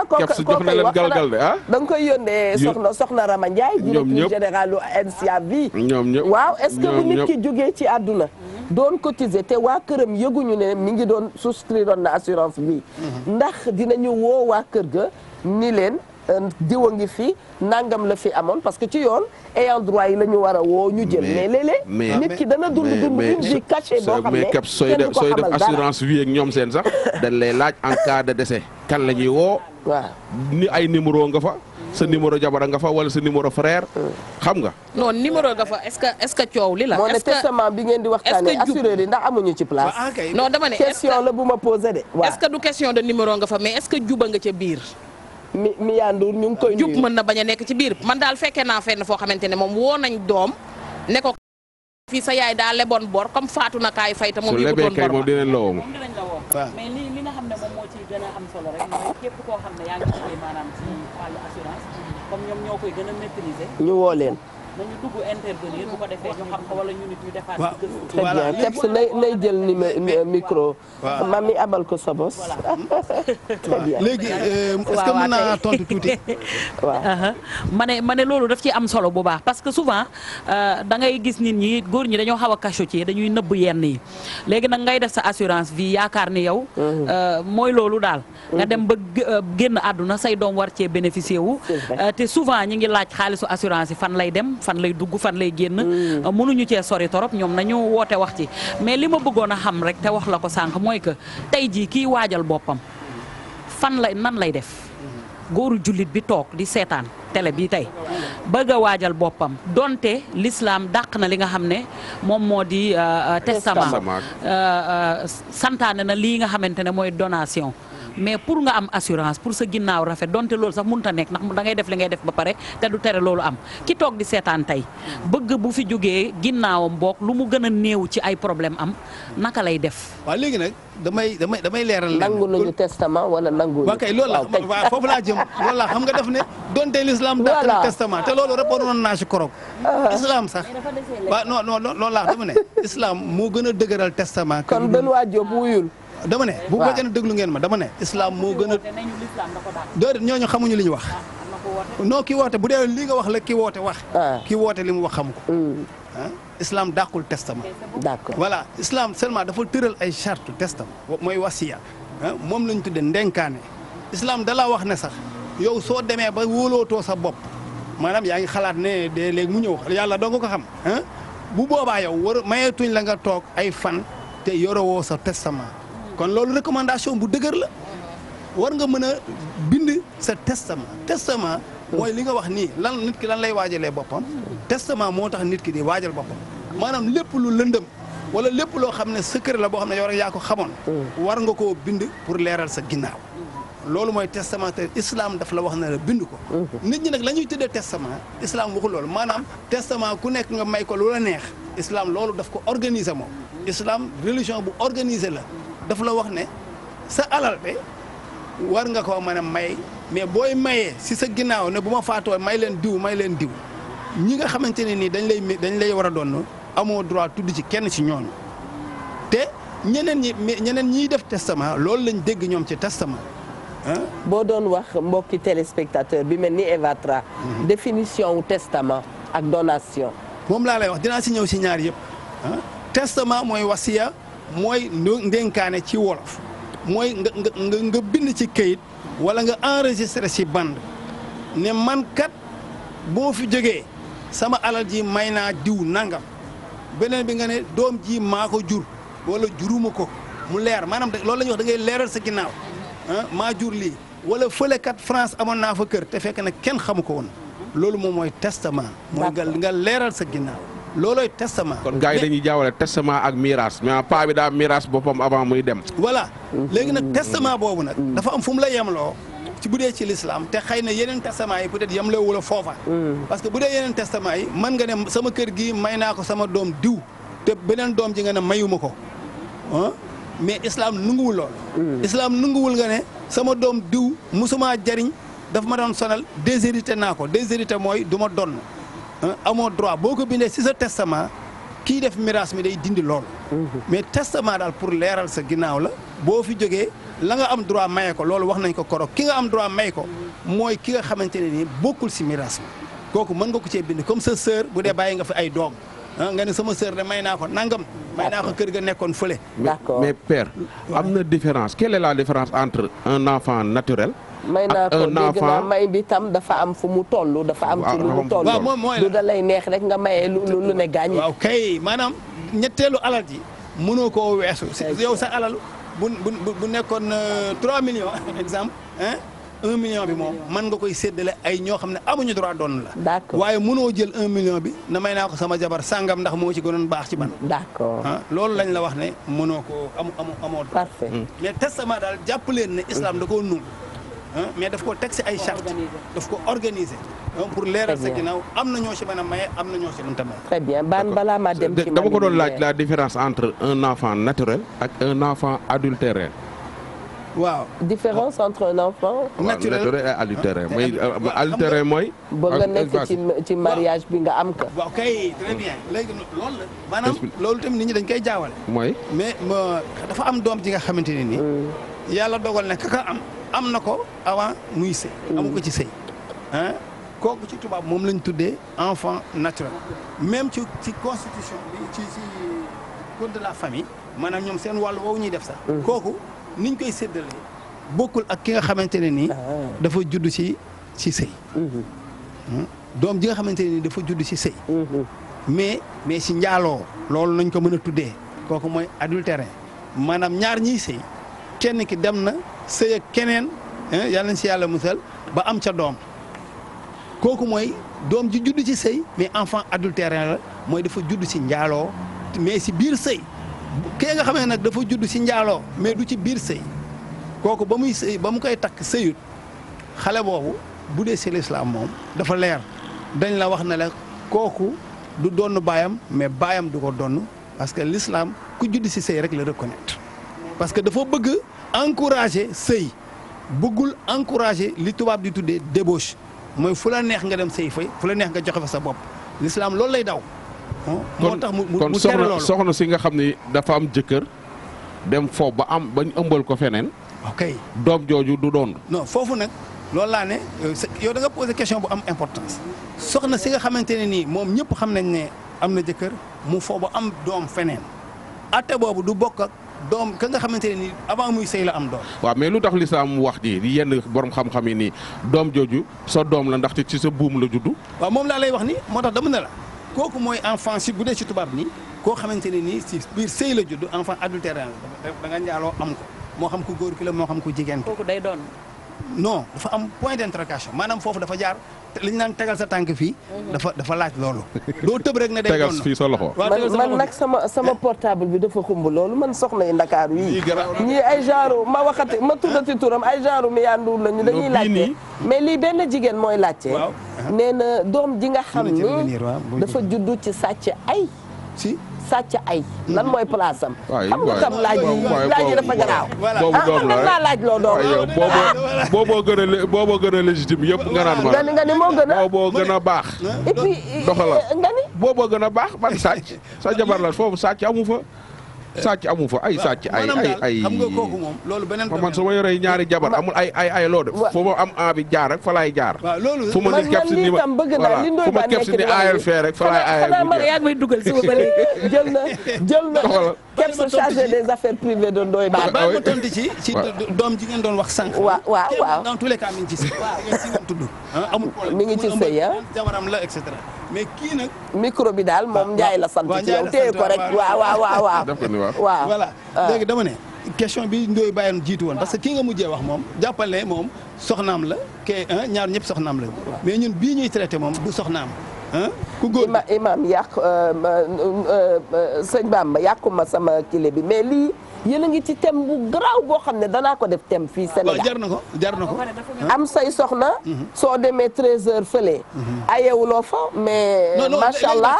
ko jox na leen galgal de ah. da nga koy yónnee soxna soxna Rama NCA bi. ñoom ñëpp waaw est ce que bu nit ki jógee ci àdduna. doon cotiser te waa këram yëguñu ne mi ngi doon souscrire na assurance bi. Mm-hmm. ndax dinañu woo waa kër ga ni leen. Euh, diwa ngi fi nangam la fi amoon parce que ci yoon ayant droit yi la ñu war a woo ñu jël mais léeg-léeg nit ki dana dund dund une vie cachée boo xam ne sooy def sooy def assurance vie ak ñoom seen sax dañ lay laaj en cas de kan la ñuy woo waaw ni ay numéro nga fa sa numéro jabara nga fa wala sa numéro frère. Mm. xam nga. non numéro nga fa est-ce que est-ce que coow li la. est ah, que du question de numéro nga fa mais est-ce que juba nga ca biir. mi Mia Ndour ñu ngi koy nuyu. jub mën na bañ a nekk ci biir man daal fekkee naa fenn foo xamante ne moom woo nañ doom ne ko fii sa yaay daal leboon bor comme faatu na kaay fay te moom yëngu doon moom dinañ la woo mais li li nga xam ne moom moo ci gën am solo rek mooy képp koo xam ne yaa ngi ci maanaam ci wàllu assurance comme ñoom ñoo koy gën a ñu woo leen. nañu voilà très nay jël ni micro. waaw mi abal ko sa bos. très euh, est-ce que mën naa tontu tuuti. waaw ne ma ne loolu daf ci am solo bu baax parce que souvent euh, da ngay gis nit ñi góor ñi dañoo xaw a cachotier dañuy nëbb yenn yi léegi nag ngay def sa assurance vie yaakaar ni yow. Euh, mooy loolu daal. nga dem ba génn àdduna say doom war cee bénéficier wu. te souvent ñi ngi laaj xaalisu assurance yi fan lay dem. fan lay dugg fan lay génn mm. euh, mënuñu cee sori torop ñoom nañu woote wax ci mais li ma bëggoon a xam rek te wax la ko sànq mooy que tey jii kiy waajal boppam fan lay nan lay def góoru jullit bi toog di seetaan télé bi tey bëgg a waajal boppam donte lislaam dàq na li nga xam ne moom moo di euh, euh, testament santaane na lii nga xamante ne mooy donation mais pour nga am assurance pour sa ginnaaw rafet donte loolu sax mënut a nekk ndax da ngay def li ngay def ba pare te du tere loolu am ki toog di seetaan tey bëgg bu fi jógee ginnaawam mbook lu mu gën a néew ci ay problème am naka lay def. waa léegi nag damay damay damay leeral. nangu nañu testament wala nangu. waaw kay loolu la waaw foofu laa jëm loolu la xam nga def ne donte l'islam. voilà dàq na testament te loolu rapport woon naa si korog. Ah. islam sax waaw non non loolu laa xam ne islam moo gën a dëgëral testament. kon benn waa Diop wuyul. dama ne bu fekkee ne déglu ngeen ma dama ne islam moo gën a déedéet ñooñu xamuñu li ñu wax ah, noo ki woote bu dee lii nga wax la ki woote wax ah. ki woote li mu wax xamu ko mm. ah, islam dàqul testament d'accord voilà islam seulement dafa tëral ay charte testament mooy wasiya moom lañ tudde ndenkaane islam dalaa wax ne sax yow soo demee ba wóolootoo sa bopp maanaam yaa ngi xalaat ne de léegi mu ñëw yàlla doo nga ko xam bu boobaa yow war mayeetuñ la nga toog ay fan te yorowoo sa testament kon loolu recommandation bu dëgër la war nga mën a bind sa testament testament mooy li nga wax nii lan nit ki lan lay waajalee boppam testament moo tax nit ki di waajal boppam maanaam lépp lu lëndëm wala lépp loo xam ne secret la boo xam ne yow yaa ko xamoon war nga koo bind pour leeral sa ginnaaw loolu mooy testament te islam daf la wax na ne la bind ko nit ñi nag la ñuy tëddee testament islam waxul loolu maanaam testament ku nekk nga may ko lu la neex islam loolu daf ko organiser moom islam religion bu organiser la daf la wax ne sa alal de war nga koo mën a may mais booy mayee si sa ginnaaw ne bu ma faatoo may leen diw may leen diw ñi nga xamante ne nii dañ lay dañ lay war a doon amoo droit tudd ci kenn ci ñooñu te ñeneen ñi ñeneen ñiy def testament loolu lañ dégg ñoom ci testament. boo doon wax mbokki téléspectateur bi mel ni Evatra. Mhm. définition wu testament ak donation. moom laa lay wax dinaa si ñëw si ñaar yëpp. testament mooy wasiya mooy ndénkaane ci wolof mooy nga nga nga bind ci këyit wala nga enregistré ci bande ne man kat boo fi jógee sama alal ji may naa diw nangam beneen bi nga ne doom ji maa ko jur wala juruma ko mu leer maanaam loolu la ñuy wax da ngay leeral sa ginnaaw ah maa jur lii wala fële kat France amoon naa fa kër te fekk na kenn xamu ko woon loolu moom mooy testament. mooy nga leeral sa ginnaaw. loolooy testament. kon gars yi dañuy jaawale testament ak miraas mais paa bi daa miraas boppam avant muy dem. voilà mm-hmm. léegi nag testament boobu nag. Mm-hmm. dafa am fu mu la yemloo. ci bu dee ci lislaam te xëy na yeneen testament yi peut-être yemloo wala foofa. Mm-hmm. parce que bu dee yeneen testament yi mën nga ne sama kër gi may naa ko sama doom diw. te beneen doom ji nga ne mayuma ko ah mais islam nanguwul lool. islam nanguwul nga ne sama doom diw musuma jariñ dafa ma doon sonal déshérité naa ko déshérité mooy du ma donn Euh, amoo droit boo ko bindee si sa testament kii def miraas mi day dindi lool mhm. mais testament daal pour leeral sa ginnaaw la boo fi jógee la nga am droit maye ko loolu wax nañ ko korok ki nga am droit may ko mooy ki nga xamante ne nii bokkul si miraas mi kooku mën nga ko cee bind comme sa sœur bu dee bàyyi nga fi ay doom ah, nga ne sama sœur de may naa ko nangam may naa ko kër ga nekkoon fële d'accord mais père am na différence quelle est la différence entre un enfant naturel may naa ko dégg naa may bi tam dafa am fu mu tollu dafa am ci lu mu toll lu da lay neex rek nga maye lu lu ne gaañ waaw kay maanaam ñetteelu alal ji mënoo koo weesu yow sa alal bu bu nekkoon 3 euh, millions exemple hein un million bi moom mën nga koy séddale ay ñoo xam ne amuñu droit doon la. d'accord waaye mënoo jël un million bi na may naa ko sama jabar sàngam ndax moo ci gënoon baax ci ban. d'accord loolu lañ la wax ne mënoo ko amu amu amoo. parfait mais testament daal jàpp leen ne islam da koo nungu. mais daf ko teg si ay charte daf ko organiser pour pour a sa ginnaaw am na ñoo si mën a am na ñoo si mënta maye très bien baan balaa maa dem ci dama ko doon laaj la différence entre un enfant naturel ak un enfant adultéré waaw différence entre un enfant. naturel waaw adultérin mooy adultérin euh, mooy. ba nga nekk ci ci mariage bi nga am ka. waaw kay très bien léegi loolu la. maanaam loolu tamit ni ñi dañ koy jaawal mooy mais dafa am doom ji nga xamante ne nii. Mm. yàlla dogal ne kaka am am na ko avant muy sëy. amu ci sëy ah kooku ci tubaab moom lañ tuddee enfant naturel même ci ci constitution bi ci ci code de la famille maanaam ñoom seen wàllu woowu ñuy def sax. Mm. kooku. niñ koy séddale bokkul ak ki nga xamante ne nii ah. dafa judd ci ci sëy mhm. hmm? doom ji nga xamante ne nii dafa judd ci sëy mhm. mais mais ci njaaloo loolu nañ ko mën a tuddee kooku mooy adultérin maanaam ñaar ñiy sëy kenn ki dem na sëy ak keneen yàlla nañ ci yàlla musal ba am ca doom kooku mooy doom ji judd ci sëy mais enfant adultérin la mooy dafa judd ci njaaloo mais si biir sëy kee nga xamee nag dafa judd ci njaaloo mais du ci biir sëy kooku ba muy sëy ba mu koy takk sëyut xale boobu bu dee ci lislaam moom dafa leer dañ la wax na la kooku du donn baayam mais baayam du ko donn parce que lislaam ku judd ci sëy rek la reconnaître parce que dafa bëgg encourager sëy bëggul encourager li tubaab di tuddee débauche mooy fu la neex nga dem sëy fay fu la neex nga joxe fa sa bopp lislaam loolu lay daw moo tax mu kon soxna soxna si nga xam ni dafa am jëkkër dem foofu ba am bañ ëmbal ko feneen. ok doom jooju du doon. non foofu nag loolu laa ne euh, yow da nga question bu am importance soxna si nga xamante ne nii moom ñëpp xam nañ ne am na jëkkër mu foofu ba am doom feneen ate boobu du bokk ak doom ka nga xamante nii avant muy sey la am doom. waaw mais lu tax li sa lislaam wax ji yenn borom xam-xam yi nii doom jooju soo doom la ndaxte ci sa buum la juddu. waaw moom laa wax ni moo tax dama ne la. kooku mooy enfant si bu dee ci tubaab nii koo xamante ne nii si biir sëy la judd enfant adultère da nga njaaloo am ko moo xam ku góor ki la moo xam ku jigéen ki. kooku day doon. non dafa am point d'interrogation maanaam foofu dafa jaar li ñu naan tegal sa tànk fii. Mhm. dafa dafa laaj loolu. doo tëb rek ne day tegal fii sa loxo. man nag sama sama eh. portable bi dafa xumb loolu man soxna yi Ndakaar yi ñii ay genre ma waxati ma tuddati turam ay genre mi yaandu lañu dañuy laajte mais lii benn jigéen mooy laajte. nee na doom ji nga xam ni dafa juddu ci sàcc ay. si. sàcc ay lan mooy place am. xam nga tam laaj yi laaj yi dafa garaaw. boobu doom ah, la rek ah laaj loo doom. Ah, booboo gën a booboo gën a légitime yëpp nga naan ma. nga ni nga ni moo gën a booboo gën a baax. et puis doxala nga ni. booboo gën a baax man sàcc sa jabar la foofu sàcc amu fa. sàcc amu fa ay sàcc ay ay ay xam nga kooku moom man su ma yoree ñaari jabar amul ay ay ay loo def foo ma am a bi jaar rek fa jaar fu ma ni kepsi ni ma voilà fu ma kepsi ni ayel fee rek fa laay ayel xanaa na jël na képp chargé des affaires privées de Ndoye Bane. waaw ma tontu ci doom ji ngeen doon wax sànq. waaw waaw waaw dans tous les cas mi ngi ci sëy. waaw ah. si la et cetera mais kii nag. micro bi daal moom ah, Ndiaye la sant. waaw Ndiaye la sant téye ko rek waaw waaw waaw. waaw voilà ah. léegi dama ne. question bi Ndoye Bane jiitu woon parce que kii nga mujjee wax moom jàppale moom soxnaam la kee ñaar ñëpp soxnaam la mais ñun bii ñuy traité moom du soxnaam ku góor ima imaam yàq euh, euh, euh, sëñ Bamba yàquma sama kile bi mais lii yéen a ngi ci thème bu garaaw boo xam ne danaa ko def thème fii Sénégal jar na ko jar na ko am say soxna. Mhm. soo demee 13h fële. Mhm. ayewuloo fa mais. macha allah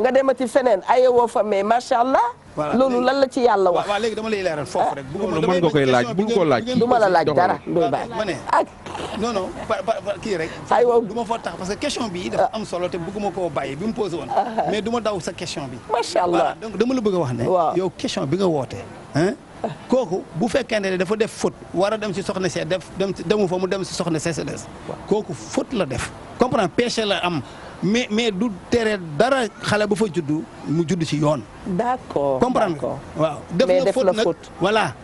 nga demati feneen ayewoo fa mais macha allah. loolu lan la ci yàlla wax. waa léegi dama lay leeral foofu rek. loolu mën nga koy laaj bu ko laaj. du ma la laaj dara Ndoye Bane ak. kii rek. aywa du ma fa tax parce que question bi dafa am solo te bëgguma koo bàyyi bi mu posé woon. Ah, ah. mais du daw sa question bi. macha allah donc dama la bëgg wax ne. yow question bi nga woote. kooku bu fekkente ne dafa def foot war a dem si soxna see def dem demu fa mu dem si soxna see des kooku faute la def comprendre péché la am mais mais du tere dara xale bu fa juddu mu judd ci yoon. d'accord comprendre waaw. def na faute nag voilà.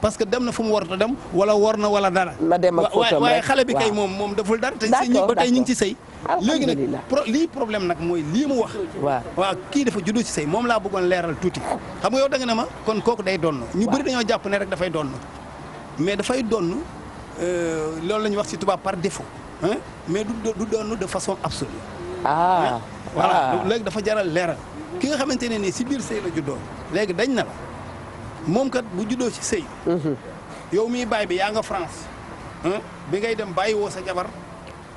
parce que dem na fu mu war a dem wala war na wala dara. na dem ak footam waaye xale bi kay moom moom deful dara. te ñu ba tey ñu ngi ci sëy. léegi nag lii problème nag mooy lii mu wax. waaw waaw kii dafa juddu ci sëy moom laa bëggoon leeral tuuti. xam nga yow danga ne kon kooku day donn ñu bëri dañoo jàpp ne rek dafay donn mais dafay donn euh, loolu la ñuy wax ci tubaab par défaut. mais du du donn de façon absolue. ah voilà ah. léegi dafa jaral leera ki nga xamante ne nii si biir sëy la juddoo. léegi dañ na moom kat bu juddoo ci sëy. Mhm. yow miy baay bi yaa nga France. bi ngay dem bàyyi woo sa jabar.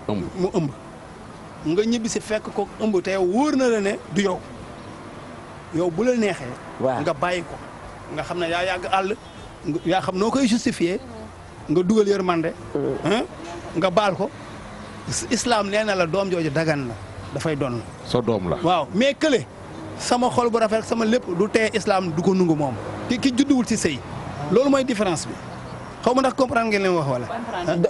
mu ëmb. nga ñibbi si fekk ko ëmb te wóor na la ne du yow. yow bu la neexee. nga bàyyi ko. nga xam ne yaa yàgg àll. yaa xam noo koy justifier nga dugal mande mhm. nga baal ko. islam nee na la doom jooju dagan la. dafay doon. soo doom la waaw mais kële sama xol bu rafet sama lépp du teye islaam du ko nungu moom ki judduwul si sëy loolu mooy différence bi xaw ma ndax comprendre ngeen li ma wax wala.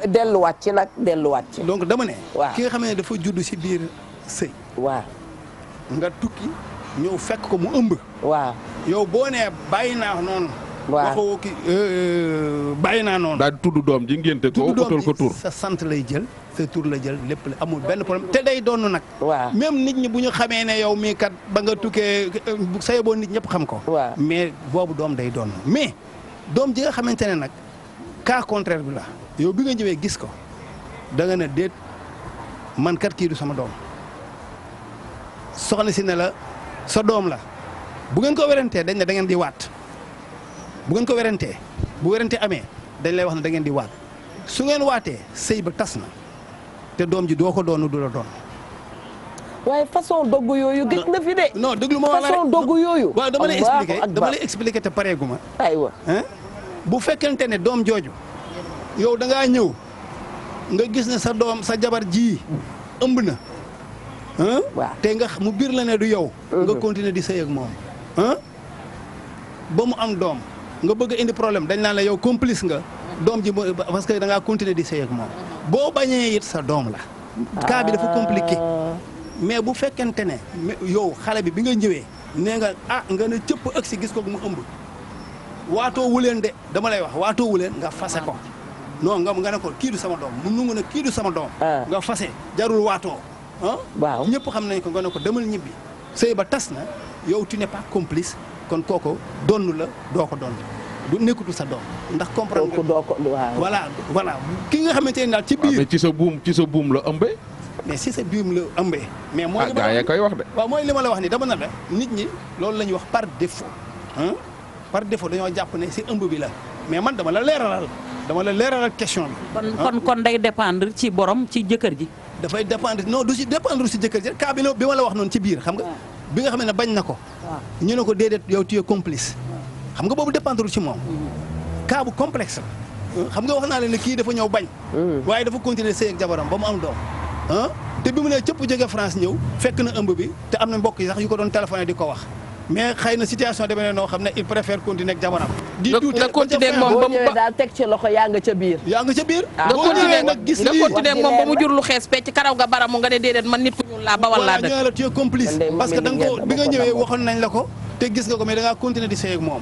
delluwaat ci nag delluwaat ci. donc dama ne. ki nga xam ne dafa judd si biir sëy. waaw nga tukki ñëw fekk ko mu ëmb. waaw yow boo nee bàyyi naa noonu. waaw waxoo ki euh, euh, bàyyi naa noonu. daal tudd doom ji ngénte ko utal ko tur sa sant lay jël sa tur la jël lépp la amul benn problème te day doon nag. waaw même nit ñi bu ñu xamee ne yow mi kat ba nga tukkee euh, say boo nit ñëpp xam ko. waaw mais boobu doom day doon mais doom ji nga xamante ne nag cas contraire bi la yow bi nga jëwee gis ko da nga ne déet man kat kii du sama doom soxna si ne la sa doom la bu ngeen ko werantee dañ ne da ngeen di waat. bu ngeen ko werantee bu werantee amee dañ lay wax ne da ngeen di waat su ngeen waatee sëy ba tas na te doom ji doo ko doonu du la doon. waaye façon dogg yooyu. gis na fi de. non déglu ma wala façon dogg yooyu. waaw dama lay expliqué dama lay expliqué te pareegu ma. bu fekkente ne doom jooju yow dangaa ñëw nga gis ne sa doom sa jabar ji ëmb na. waaw te nga mu biir la ne du yow. Mm-hmm. nga continuer di sëy ak moom. ba mu am doom. nga bëgg indi problème dañ naa la yow complice nga doom ji parce que da ngaa continuer di sëy ak moom boo bañee it sa doom la cas bi dafa compliqué mais bu fekkente ne yow xale bi bi nga ñëwee nee nga ah nga ne cëpp ëgg si gis ko mu ëmb waatoo wuleen de dama lay wax waatoo wuleen nga fase ko non nga nga ne ko kii du sama doom mu nungu ne kii du sama doom ah. nga fase jarul waatoo ah waaw ñëpp xam nañ ko nga ne ko demal ñibbi sëy ba tas na yow tu n'es pas complice kon kooko donn la doo ko donn du nekkutu sa doom ndax comprendre nga doo ko waaw voilà nga xamante ne daal ci biir ah, mais ci buum la ëmbee si sa biir la ëmbee mais mooy ah, gaa yee koy wax de mooy li ma la wax ni dama na la nit ñi loolu la ñuy wax par défaut ah par défaut dañoo jàpp ne si ëmb bi la mais man dama la leeralal dama la question bi kon kon kon day dépendre ci borom ci jëkkër ji dafay dépendre non du si dépendre si jëkkër ji cas bi la bi ma la wax noonu ci biir xam nga ah. bi nga xam ne bañ na ko. ñu ne ko déedéet yow tu es complice. xam nga boobu dépendre si moom. kaabu mm-hmm. bu complexe la. xam nga wax naa leen ne kii dafa ñëw bañ. Mm-hmm. waaye dafa continuer sëy ak jabaram ba mu am doom. Ah te bi mu ne cëpp jóge France ñëw fekk na ëmb bi te am na mbokk yi sax yu ko doon téléphoné di ko wax. mais xëy na situation demee na noo xam ne il préfère continuer ak jamono. nga ah. continuer ak moom ba mu jur lu xees pecc karaw ga baramu nga ne déedéet man nit ku ñuul laa bawal laa dëkk. waaw ñoo la tu es complice. parce que da nga ko bi nga ñëwee waxoon nañ la ko. te gis nga ko mais da ngaa di sëy moom.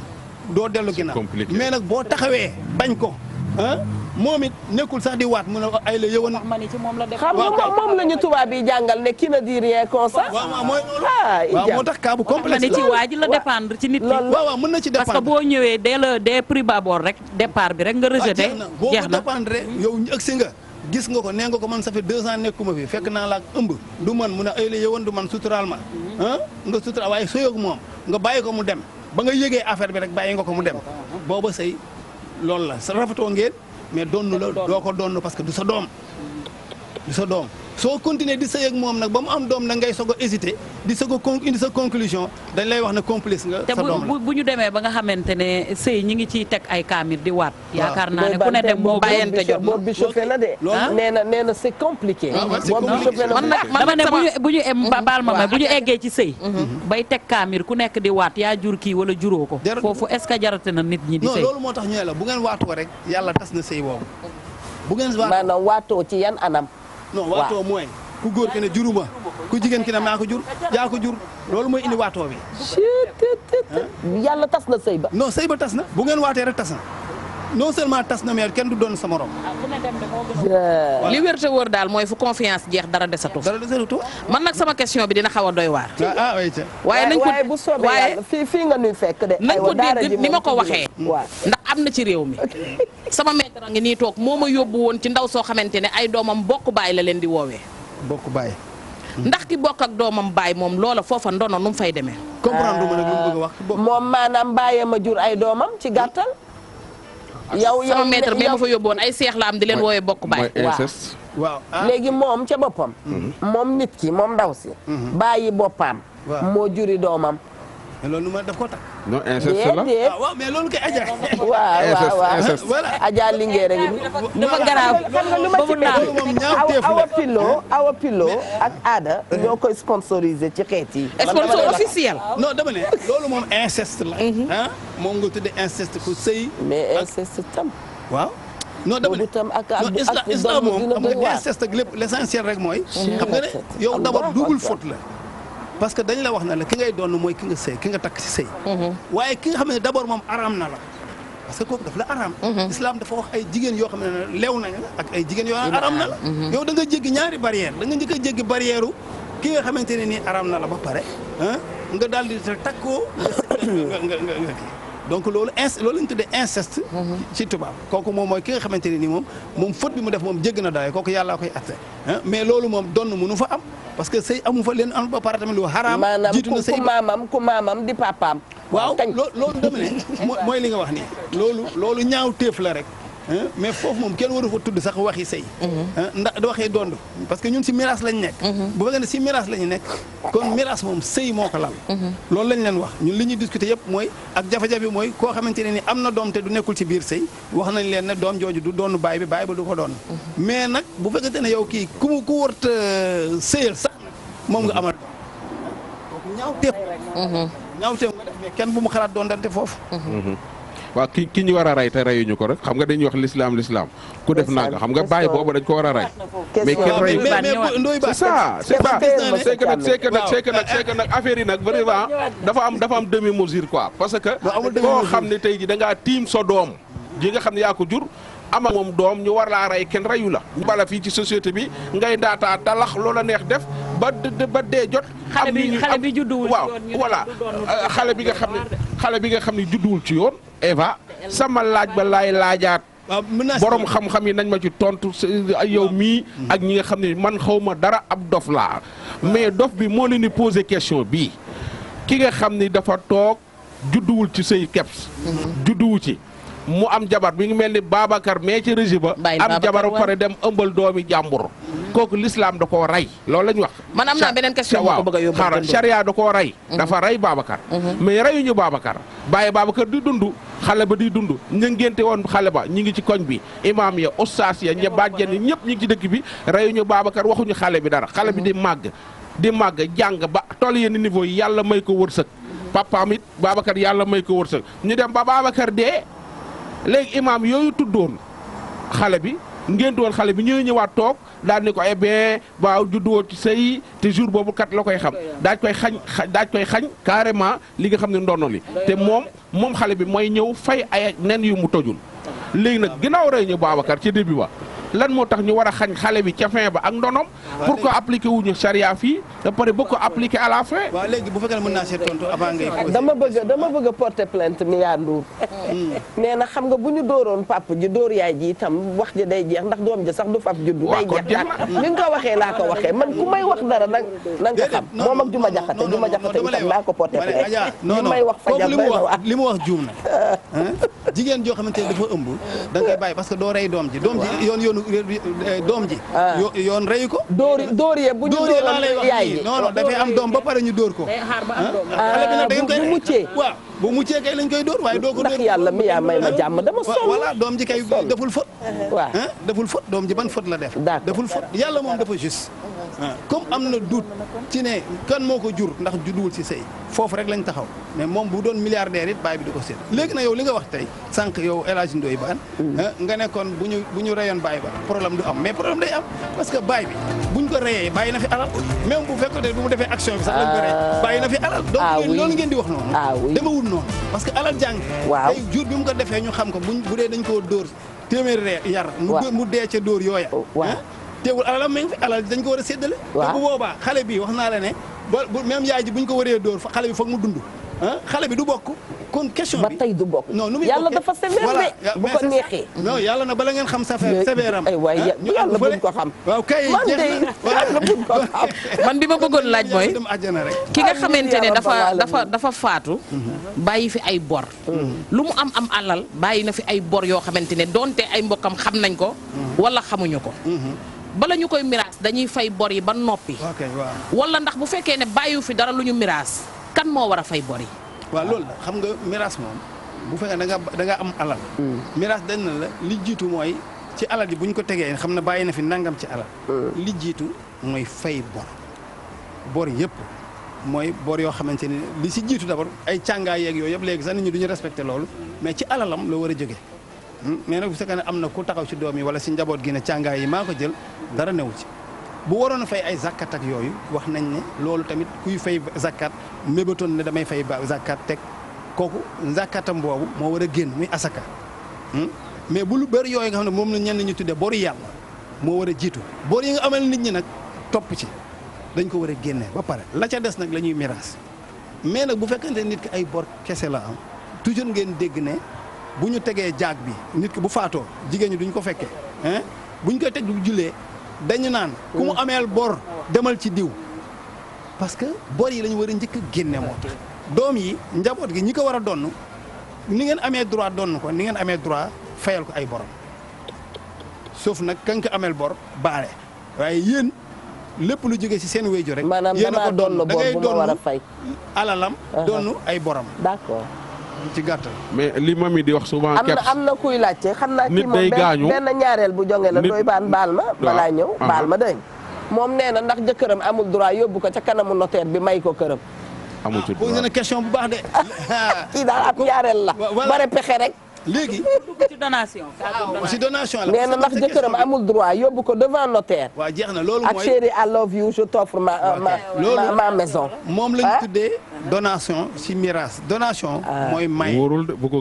doo dellu ginnaaw mais nag boo taxawee bañ ko ah moom it nekkul sax di waat mu ne ay la yëwan. xam nga moom la ñu tubaab yi jàngal ne ki na di rien consent. waaw mooy loolu ah, moo tax cas bu la ci waa ji la dépendre ci nit mën na ci dépendre parce boo ñëwee dès le dès prix bâbord rek départ rek nga rejeté. jeex na boo dépendre yow ëgsi nga. gis nga ko nee nga ko man ça fait deux ans fekk naa la ak ëmb du man mu ne ay du man suturaal ma nga suturaal waaye sëyoog moom nga bàyyi ko mu dem ba nga yëgee affaire bi rek bàyyi nga ko mu dem booba sëy loolu la sa rafetoo ngeen mais doon donn la doo ko doon donn parce que du sa doom du sa doom soo continuer di sëy moom nag ba mu am doom nag ngay soog a hésité di soog a con indi sa conclusion dañ lay wax ne complice nga. sa doom te bu ñu demee ba nga xamante ne sëy ñi ngi ciy teg ay kaamir di waat. yaakaar naa ne ku ne dem moo bàyyante jot boobu bi la de. loolu nee na nee ñu bu ñu baal ma ma bu ñu eggee ci sëy. Mhm. bay teg kaamir ku nekk di waat yaa jur kii wala juróo ko. foofu est-ce que jarate na nit ñi di sëy. loolu moo tax ñu la bu ngeen waatoo rek yàlla tas na sëy boobu bu ngeen waatoo waatoo ci yan anam non waatoo mooy ku góor ke ne juruma ku jigéen ki ne maa ko jur yaa ko jur loolu mooy indi waatoo bi yàlla tas na sëy ba non sëy ba tas na bu ngeen waatee rek tas non seulement tas na meer kenn du doon sa morom. Ah, li wér daal mooy fu confiance jeex dara desatu. dara desatu man nag sama question bi dina xaw a doy waar. ah, ah waaye nañ ko bu soobee nga fekk de. nañ ko dégg ni ma ko waxee. ndax am na ci réew mi. sama maître a ngi nii toog moo ma yóbbu woon ci ndaw soo xamante ne ay doomam bokk baay la leen di woowee. bokk baay. Hmm. ndax ki bokk ak doomam baay moom loola foofa ndono nu mu fay demee. comprendre wax. Ah, moom maanaam baayam ma jur ay doomam ci gàttal. yow yow sama bi ma fa yóboon ay seex la am di leen wooyee bokk baay. waaw ah. léegi moom ca boppam. Mhm. moom nit ki moom ndaw si. Mhm. bàyyi boppam. moo juri doomam mais loolu ma daf ko takk. non inceste la ah, waaw mais loolu kay Adja. waaw waaw voilà Adja Linguère gi dafa garaaw xam nga lu ma ci métti awa pilo awa pilo ak aada ñoo koy sponsorisé ci xeet yi. sponsor officiel. non dama ne loolu moom inceste la. Mhm. ah moom nga tuddee inceste ku sëy. mais inceste tam. waaw. non dama ne non islam moom xam nga inceste ak lépp l' essentiel rek mooy. Mhm. xam nga ne yow d'abord double faute la. parce que dañ la wax na la ki ngay doon mooy ki nga sëy ki nga takk ci sëy mhm. waaye ki nga xam ne d'abord moom araam na la parce que kooku daf la araam mhm. islam dafa wax ay jigéen yoo xam ne lew nañ la ak ay jigéen yoo xam ne araam na la mhm. yow da nga jéggi ñaari barrière da nga njëkk a jéggi ki nga xamante ne nii araam na la ba pare ah, nga daal di takkoo nga nga nga donc loolu inc loolu lañ tuddee inceste ci tubaab kooku moom mooy ki nga xamante ne ni moom moom faute bi mu def moom jégg na daay kooku yàlla koy atte mais loolu moom donn mënu fa am parce que sëy amu fa leen am ba pare tamit lu xaraam jiitu na sëy ku maamam ku maamam di papaam waaw loolu dama ne mooy li nga wax nii loolu loolu ñaaw téef la rek mais foofu moom kenn waru fa tudd sax waxi sëy ndax waxee dond parce que ñun si miraas lañ nekk mhm. bu fekkee ne si miraas lañu nekk kon miraas moom sëy moo ko lal loolu lañ leen wax ñun li ñuy discuter yëpp mooy ak jafe-jafe mooy koo xamante ne ni am na doom te du nekkul ci biir sëy wax nañ leen ne doom jooju du doonu baay bi baay ba du ko doon mhm. mais nag bu fekkente ne yow kii ku mu ku wërta euh, sëyal sax moom nga amal ñaaw teew ñaaw teew kenn bu mu xalaat doon dante foofu mhm. waaw ki ki ñu war a rey te reyuñu ko rek xam nga dañuy wax lislaam lislaam ku def nanga xam nga bàyyi boobu dañ ko war a rey mais kenn rey mais c'est ça c'est pas c'est que nag c'est que nag c'est que nag c'est que nag affaire yi nag vraiment dafa am am demi mesure quoi parce que koo xam ne tey ji da ngaa tiim sa doom ji nga xam ne yaa ko jur ama moom doom ñu war laa rey kenn reyu la ñu bala fii ci société bi ngay daataa dalax loola neex def ba ba dee jot am ni ñu am waaw voilà euh, xale bi nga xam ne xale bi nga xam ne judduwul ci yoon Eva sama laaj ba laay laajaat. borom xam-xam yi nañ ma ci tontu yow mii. ak ñi nga xam ne man xaw ma dara ab dof laa. mais dof bi moo leen ni posé question bii ki nga xam ni dafa toog judduwul ci say keps mm-hmm. judduwu ci. mu am jabar mi ngi mel ni Babacar mais ci régi ba am jabar ba pare dem ëmbal doomi jàmbur kooku l'islam da koo rey loolu la ñu wax man am naa beneen question waaw xaaral charia da koo rey mhm. dafa rey Babacar mhm. mais reyuñu Babacar bàyyi Babacar di dund xale ba di dund ñu ngénte woon xale ba ñu ngi ci koñ bi imaam ya ustaas ya ña bàjjen ñëpp ñu ci dëkk bi reyuñu Babacar waxuñu xale bi dara xale bi di màgg di màgg jàng ba toll yenn niveau yi yàlla may ko wërsëg papaam it Babacar yàlla may ko wërsëg ñu léegi imaam yooyu tuddoon xale bi ngénte xale bi ñëw ñëwaat toog daal ni ko eh bien waaw juddu woon ci sëy te jour boobu kat la koy xam daaj koy xañ daaj koy xañ carrément li nga xam ne ndono li te moom moom xale bi mooy ñëw fay ay nen yu mu tojul léegi nag ginnaaw rey ñu Babacar ci début ba lan moo tax ñu war a xañ xale bi ca fin ba ak ndonom pour que appliquer wuñu fii ba pare bëgg ko appliquer à la fin. waaw léegi bu fekkee mën naa seet tontu avant ngay dama bëgg dama bëgg a porter plainte Miya hmm. na xam nga bu ñu dooroon pap ji door yaay ji itam wax day jeex ndax doom ji sax du fap juddu. day jeex ni ko waxee laa ko waxee man ku may wax dara nag. na nga ko xam moom ak Juma Jaxate Juma Jaxate itam laa ko porter plainte. li may wax fa jàpp li mu wax juum na jigéen joo xamante ne dafa ëmb da nga koy bàyyi parce que doo rey doom ji doom ji yoon yoonu doom ji. Ah. yoon reyu ko. dóori dóori bu ñu dóoroon yaay ji non non dafay am doom ba pare ñu door ko. ah, ah bu muccee waaw bu muccee kay lañ koy door waaye doo ko. ndax yàlla mi may ma ah. jàmm dama sonn. voilà doom ji kay deful faute. waaw deful faute doom ji ban faute la def. deful faute yàlla moom dafa juste. comme am na doute ci ne kan moo ko jur ndax judduwul ci sëy foofu rek lañ taxaw mais moom bu doon milliardaire it baay bi di ko seet léegi na yow li nga wax tey sànq yow El Hadj Ndoye Bane mm. ah, nga nekkoon bu ñu bu ñu reyoon baay ba problème du am mais problème day am parce que baay bi buñ ko reyee bàyyi na fi alal même bu fekkoon ne bu mu defee action bi sax lañ ko ah. na fi alal donc ah loolu ngeen di wax noonu demawul noonu parce que alal jàng waaw tey jur bi mu ko defee ñu xam ko buñ bu dee dañ koo dóor téeméer yar mu dee ca dóor teewul alalam mi ngi fi alal dañ ko war a séddale. waaw bu xale bi wax naa la ne. ba même yaay ji buñ ko waree dóor xale bi foog mu dund. xale bi du bokk. kon question bi ba tey du bokk. non yàlla dafa sévère de. bu neexee. yàlla na bala ngeen xam sévère sévère am. aywa yàlla buñ ko xam. waaw kay jeex na yàlla buñ ko xam. man bi ma bëggoon laaj mooy. ki nga xamante ne dafa dafa dafa faatu. Mhm. bàyyi fi ay bor. Mhm. lu mu am am alal bàyyi na fi ay bor yoo xamante ne donte ay mbokkam xam nañ ko. Mhm. wala xamuñu ko. bala ñu koy miraas dañuy fay bor yi ba noppi. wala ndax bu fekkee ne bàyyiwu fi dara lu ñu miraas kan moo war a fay bor yi. waaw loolu la xam nga miraas moom bu fekkee da nga am alal. Hmm. miraas dañ na la li jiitu mooy ci alal yi bu ko tegee xam ne bàyyi na fi nangam ci alal. Hmm. li jiitu mooy fay bor bor yëpp. mooy bor yoo xamante ni li si jiitu d'abord ay càngaay yeeg yooyu yëpp léegi sax nit ñi du ñu respecté loolu mais ci alalam la war a jóge mais nag bu fekkee ne am na ku taxaw ci doom yi wala si njaboot gi ne càngaay yi maa ko jël dara new ci bu waroon a fay ay zakkat ak yooyu wax nañ ne loolu tamit kuy fay zakkat mébatoon ne damay fay ba zakkat teg kooku zakkatam boobu moo war a génn muy asaka hmm? mais bu lu bëri yooyu nga xam ne moom la ñenn ñu tuddee boru yàlla moo war a jiitu bor yi nga amal nit ñi nag topp ci dañ ko war a génne ba pare la ca des nag la ñuy miraas mais nag bu fekkante nit ki ay bor kese la toujours ngeen dégg ne bu ñu tegee jaag bi nit ki bu faatoo jigéen ñi duñ ko fekkee buñ koy teg du jullee dañu naan ku mm. ameel bor demal ci diw parce que bor yi la ñu war a njëkk a génne moo doom yi njaboot gi ñi ko war a donn ni ngeen amee droit donn ko ni ngeen amee droit fayal ko ay borom sauf nag kañ ko ameel bor baale waaye yéen lépp lu jógee ci seen wéju rek. maanaam damaa donn bor bu ma war a fay yéen ay borom d'accord. ci gàttal. mais li mam yi di wax souvent. keps am na am na kuy laajte xam naa. nit day gaañu kii moom ñaareel bu jonge la doy baan baal ma. balaa ñëw baal ma doy moom nee na ndax jëkkëram amul droit yóbbu ko ca kanamu notaire bi may ko këram. amul ci ah, droit question bu baax de. kii daal ab ñaareel la. bare pexe rek. léegi. ci donation. ci donation la. nee na ndax jëkkëram amul droit yóbbu ko devant notaire. waaw jeex na loolu mooy ak chéri I love you je euh, moom la ñu ah? tuddee donation ci miraas donation. Ah. mooy maye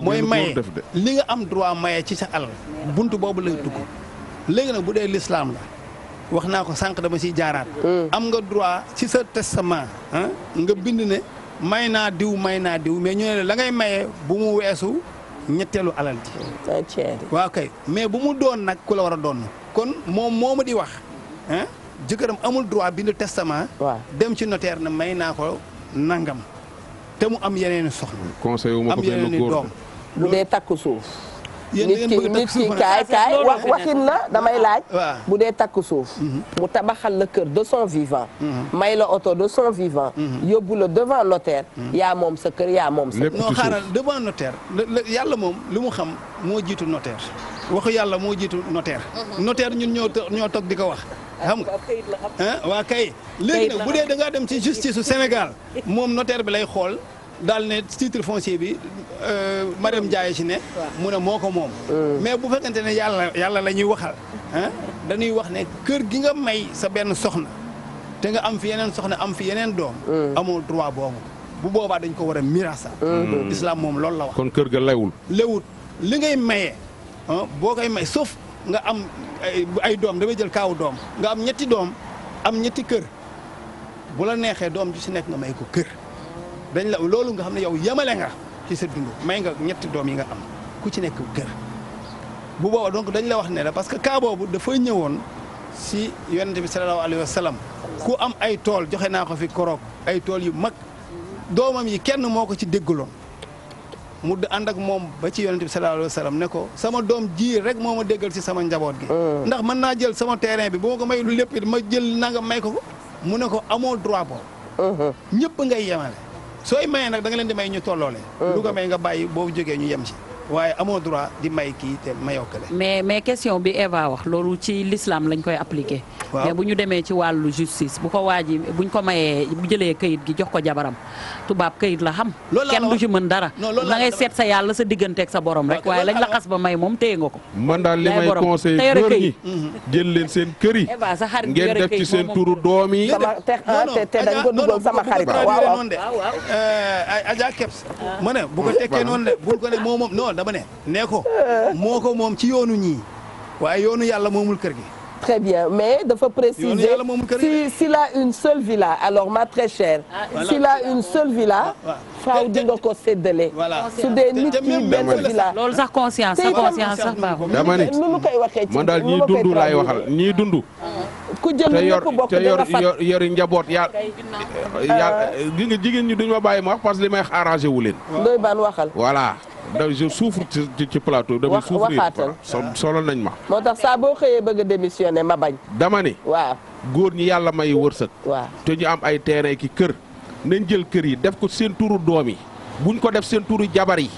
mooy li nga am droit maye ci sa alal. bunt boobu lay dugg léegi nag bu dee lislaam la wax naa ko sànq dama ciy jaaraat. Hmm. am nga droit ci sa testament. nga bind ne may naa diw may naa diw mais ñu ne la ngay maye bu mu weesu. ñetteelu alal ji waaw kay mais bu mu doon nag ku la war a doon kon moom moo ma di wax ah jëkkëram amul droit bindu testament dem ci notaire na may naa ko nangam te mu am yeneen soxla conseil wu ma ko am yeneen doom bu dee takku suuf nit ki nit ki kaay kaay waxin la damay laaj bu dee takk suuf mhm. mu tabaxal la kër de son vivant mhm. may la oto de son vivant mhm. yóbbu la devant notaire yaa moom sa kër yaa moom sa non xaaral devant yàlla moom li mu xam moo jiitu notaire waxu yàlla moo jiitu notaire notaire ñun ñoo ñoo toog di ko wax xam nga waa kay léegi nag bu dee da dem ci justice su Sénégal moom notaire bi lay xool daal ne titre foncier bi euh, Mariam Ndiaye si ne. mu ne moo ko moom. Hmm. mais bu fekkente ne yàlla yàlla la ñuy waxal. dañuy wax ne kër gi nga may sa benn soxna te nga am fi yeneen soxna am fi yeneen doom. Hmm. amoo droit boobu bu boobaa dañ ko war a mirasa. Hmm. islam moom loolu la wax. kon kër ga lewul. lewul li ngay maye boo koy may sauf nga am ay doom damay jël kaaw doom nga am ñetti doom am ñetti kër bu la neexee doom ju si nekk nga may ko kër. dañ la loolu nga xam ne yow yemale nga ci sa dund may nga ñetti doom yi nga am ku ci nekk kër bu boobaa donc dañu la wax ne la parce que cas boobu dafa ñëwoon si yonent bi sallallahu alayhi wa sallam ku am ay tool joxe naa ko fi koroog ay tool yu mag doomam yi kenn moo ko ci déggaloon mu ànd ak moom ba ci yonent bi sallallahu alayhi wa sallam ne ko sama doom ji rek moo ma déggal si sama njaboot gi mm. ndax mën naa jël sama terrain bi bu ma ko may lu lépp ma jël nanga may ko mu ne ko amoo droit boobu mm-hmm. ñëpp ngay yemale sooy maye nag da nga leen di may ñu tolloole euh. lu ko may nga bàyyi boo jógee ñu yem ci waaye amoo droit di may kii te mayoo kële mais mais question bi Eva wax loolu ci l'islam lañ koy appliqué. waaw mais bu ñu demee ci wàllu justice bu ko waa ji buñ ko mayee bu jëlee kayit gi jox ko jabaram tubaab kayit la xam. kenn du ci mën dara. da ngay seet sa yàlla sa digganteeg sa borom rek. waaye lañ la xas ba may moom téye nga ko. man daal li may conseil góor ñi jël leen seen kër yi. Eva sa xarit ngeen def ci seen turu doom yi. te te dañ ko dugal sama xarit. waaw mu euh, ne bu ko tekkee noonu de bu ko ne moom dama ne nee ko moo moom ci yoonu ñii waaye yoonu yàlla moomul kër gi bien mais dafa préciser si s'il a une seule villa alors ma très chère ah, s'il a une seule villa ah, faaw di nga ko séddale su dee nit ki benn villa loolu sax conscience sax conscience sax baaxul dama ni ci man daal ñii dund laay waxal ñii dund ku jël ñëpp bokk te yor yori njaboot yàlla gi nga jigéen ñi duñ ma bàyyi ma wax parce li may arrangé wu leen doy baan waxal voilà da je souffre ci ci plateau. damay souffrir sonal nañ ma. moo tax saa boo xëyee bëgg a démissionner ma bañ. dama ni. góor ñi yàlla may wërsëg. waaw te ñu am ay terrain ki kër. nañ jël kër yi def ko seen tuuru doom yi buñ ko def seen tuuru jabar yi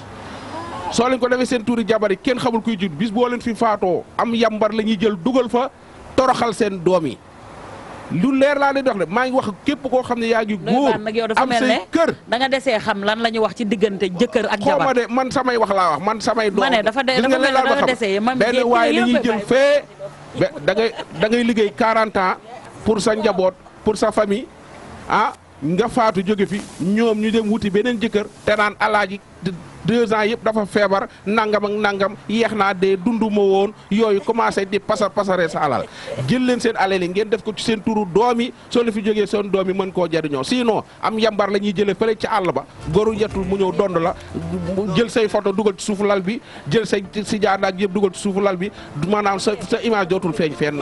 soo leen ko defee seen tuuru jabar kenn xamul kuy jut bis boo leen fi faatoo am yambar la jël dugal fa toroxal seen doom yi. lu leer laa lay dox le maa ngi wax képp koo xam ne yaa ngi góor am say kër da nga desee xam lan la ñu wax ci diggante jëkkër ak jabar xawma man samay wax laa wax man samay doom gis nga leen laal ba xam benn waaye dañuy jël fee da ngay da ngay liggéey 40 ans pour sa njaboot pour sa famille ah nga faatu jóge fi ñoom ñu jëm wuti beneen jëkkër te naan alaaji deux ans yëpp dafa feebar nangam ak nangam yeex naa dee dundu woon yooyu commencé di pasar pasare sa alal jël leen seen alal ngeen def ko ci seen turu doom yi soo la fi jógee seen doom yi mën koo jariñoo sinon am yambar la ñuy jëlee fële ci àll ba goru yetul mu ñëw dond la jël say photo dugal ci suufu lal bi jël say si jaardaak yëpp dugal ci suufu lal bi maanaam sa sa image dootul feeñ fenn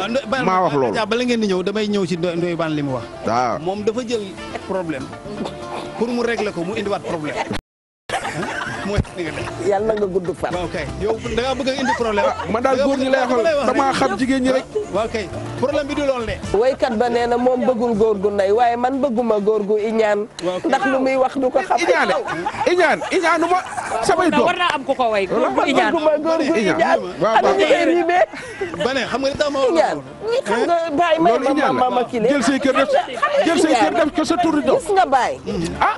maa wax loolu bala ngeen di ñëw damay ñëw ci ndoy baan li mu wax waaw moom dafa jël problème pour mu régler ko mu indiwaat problème mooy li nga def. yàlla nga gudd fan. waaw kay yow da ngaa bëgg a indi problème. Ah, man daal góor ñi lay xool damaa xam jigéen ñi rek. waaw kay problème bi du loolu de. waykat ba nee na moom bëggul góor gu nay waaye man bëgguma góor gu iñaan. ndax lu muy wax du ko xam. iñaane iñaan iñaanu ma samay doom. war naa am ku ko way góor gu iñaan bëgguma góor gu ba ne xam nga li tax ma wax loolu. xam nga eh? baay may ma ma ma kii jël say kër def jël say kër def ko sa tur. gis nga ah.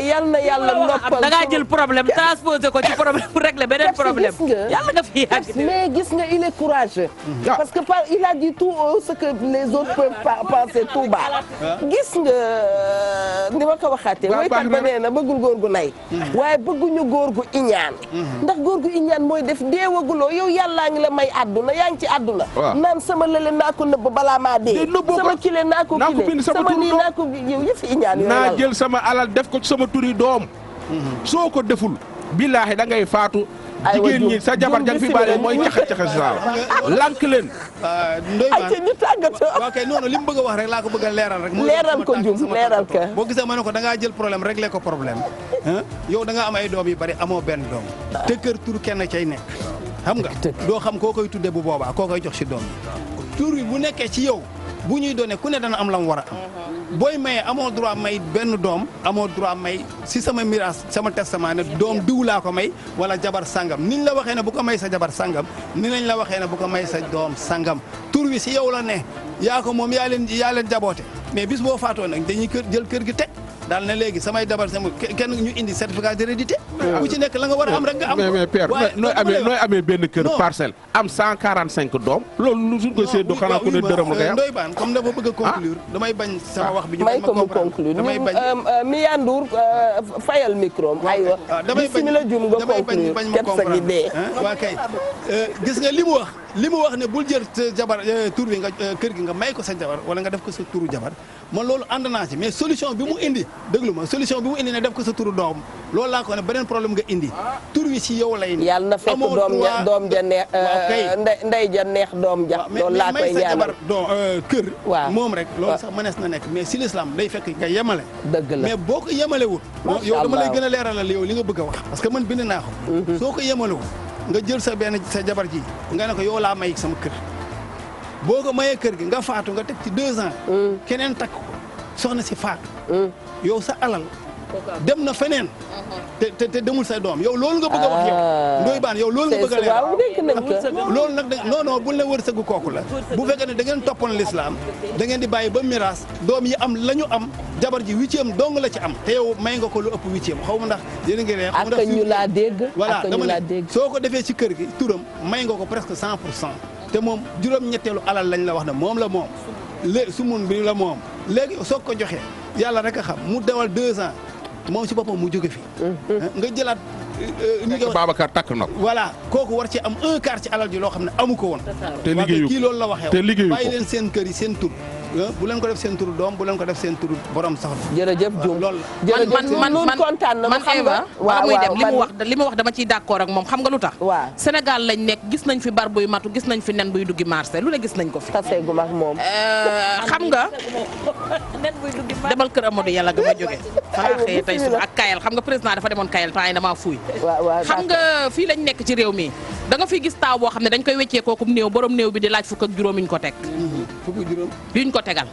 yal na yàlla noppal jël problème transposer ko ci problème pour régler beneen problème yàlla nga fi yàgg gis nga il est mhm. parce que par il a dit tout haut ce que les autres peuvent penser tout bas gis nga euh, ni ma ko waxaatee woykat ba nee na bëggul góor gu nay mhm. waaye bëgguñu góor gu iñaan mhm. ndax góor gu iñaan mooy def deewaguloo yow yàllaa ngi la may àdduna yaa ngi ci àdduna naan sama lële naa ko nëbb balaa maa dee sama kile naa ko kile sama nii naa ko yow yëf iñaan naa jël sama alal def ko ci sama turi doom soo ko deful billaahi da ngay faatu jigéen ñi sa jabar jang fi baale mooy caxa caxa saaw lànk leen ndoy ay ñu tàggatoo waaw kay noonu li mu bëgg wax rek laa ko bëgg leeral rek mu leeral ko jum leeral ko boo gisee ma ne ko da ngaa jël problème réglé ko problème yow da nga am ay doom yu bari amoo benn doom te kër tur kenn cay nekk xam nga doo xam koo koy tudde bu boobaa koo koy jox si doom tur yi bu nekkee ci yow bu ñuy doone ku ne dana am lam war a am booy maye amoo droit may benn doom amoo droit may si sama miraas sama testament ne doom diw laa ko may wala jabar sangam niñ la waxee ne bu ko may sa jabar sangam ni lañ la waxee ne bu ko may sa doom sangam tur wi si yow la ne yaako moom yaa leen yaa leen jaboote mais bis boo faatoo nag dañuy kër jël kër gi teg daal na léegi samay dabar sama kenn ñu indi certificat d'hérédité ah. ku ci nekk la nga war a am rek nga am mais mais père nooy amee nooy amee benn kër parcelle am cent quarante cinq doom loolu lu suñ ko séddoo xanaa ku ne dërëm la koy am doy baan comme dafa bëgg a conclure ah. damay bañ sama ah. wax may ko mu conclure damay bañ euh, euh, euh, Miya Ndour fayal micro am aywa damay la jum nga conclure ket sa gi dee waa kay gis nga li mu wax li mu wax ne bul jël jabar tur bi nga kër gi nga may ko sa jabar wala nga def ko sa tur jabar man loolu ànd naa ci mais solution bi mu indi déglu ma solution bi mu indi na def ko sa turu doom loolu laa ko ne beneen problème nga indi tur wi si yow lay. yàlla na fekk doom ja doom neex euh, ndey ja neex doom ja. laa koy mais don euh, kër. waaw moom rek loolu sax mënees na nekk mais si l'islam day fekk nga yemale. dëgg la boo ko yemalewul wut. yow dama lay gën a leeralal yow li nga bëgg a wax. parce que man bind naa ko. Mhm. soo ko yemalewul nga jël sa benn sa jabar ji nga ne ko yow laa may sama kër. boo ko mayee kër gi nga faatu nga teg ci deux ans. Mm. keneen takk ko soxna si faatu. Mm. yow sa alal. dem na feneen. Mm-hmm. te te demul say doom yow loolu nga bëgg a wax yow. Ah. Ndoye yow loolu nga bëgg a leer loolu nag non non bu la wërsëgu kooku la. bu fekkee ne da ngeen toppoon lislaam da ngeen di bàyyi ba miraas doom yi am la ñu am jabar ji huitième dong la ci am te yow may nga ko lu ëpp huitième xaw ma ndax yéen a ngi ree. xaw ma ndax ak ñu laa dégg voilà dama soo ko defee ci kër gi turam may nga ko presque cent pour cent. te moom juróom-ñetteelu alal lañ la wax ne moom la moom lé sumun bi la moom léegi soog ko joxe yàlla rek a xam mu dewal deux ans moom si boppam mu jóge fi mm-hmm. nga jëlaat euh, ñu ngi Babacar takk na voilà kooku war ci am un quart ci alal ji xam ne amu ko woon te liggéeyu kii loolu la waxee bàyyi leen seen kër yi seen tur bu leen ko def seen turu doom bu leen ko def seen turu borom sax. jërëjëf Diouf loolu man man man kontaan na ma xam nga waaw mu wax li mu wax dama ciy d'accord ak moom xam nga lu tax. waaw Sénégal lañ nekk gis nañ fi bar buy matu gis nañ fi nen buy duggi marché lu ne gis nañ ko fi. taseegu mag euh, xam nga. nen buy duggi marché yàlla ga ma jógee. xanaa xëy tey suba ak Kayel xam nga président dafa demoon Kayel temps yi damaa fuuy. xam nga fii lañ nekk ci réew mi da nga fi gis taaw boo xam ne dañ koy weccee kookum néew borom néew bi di laaj fukk ak juróom ñu ko teg. Mm-hmm. ko tegal.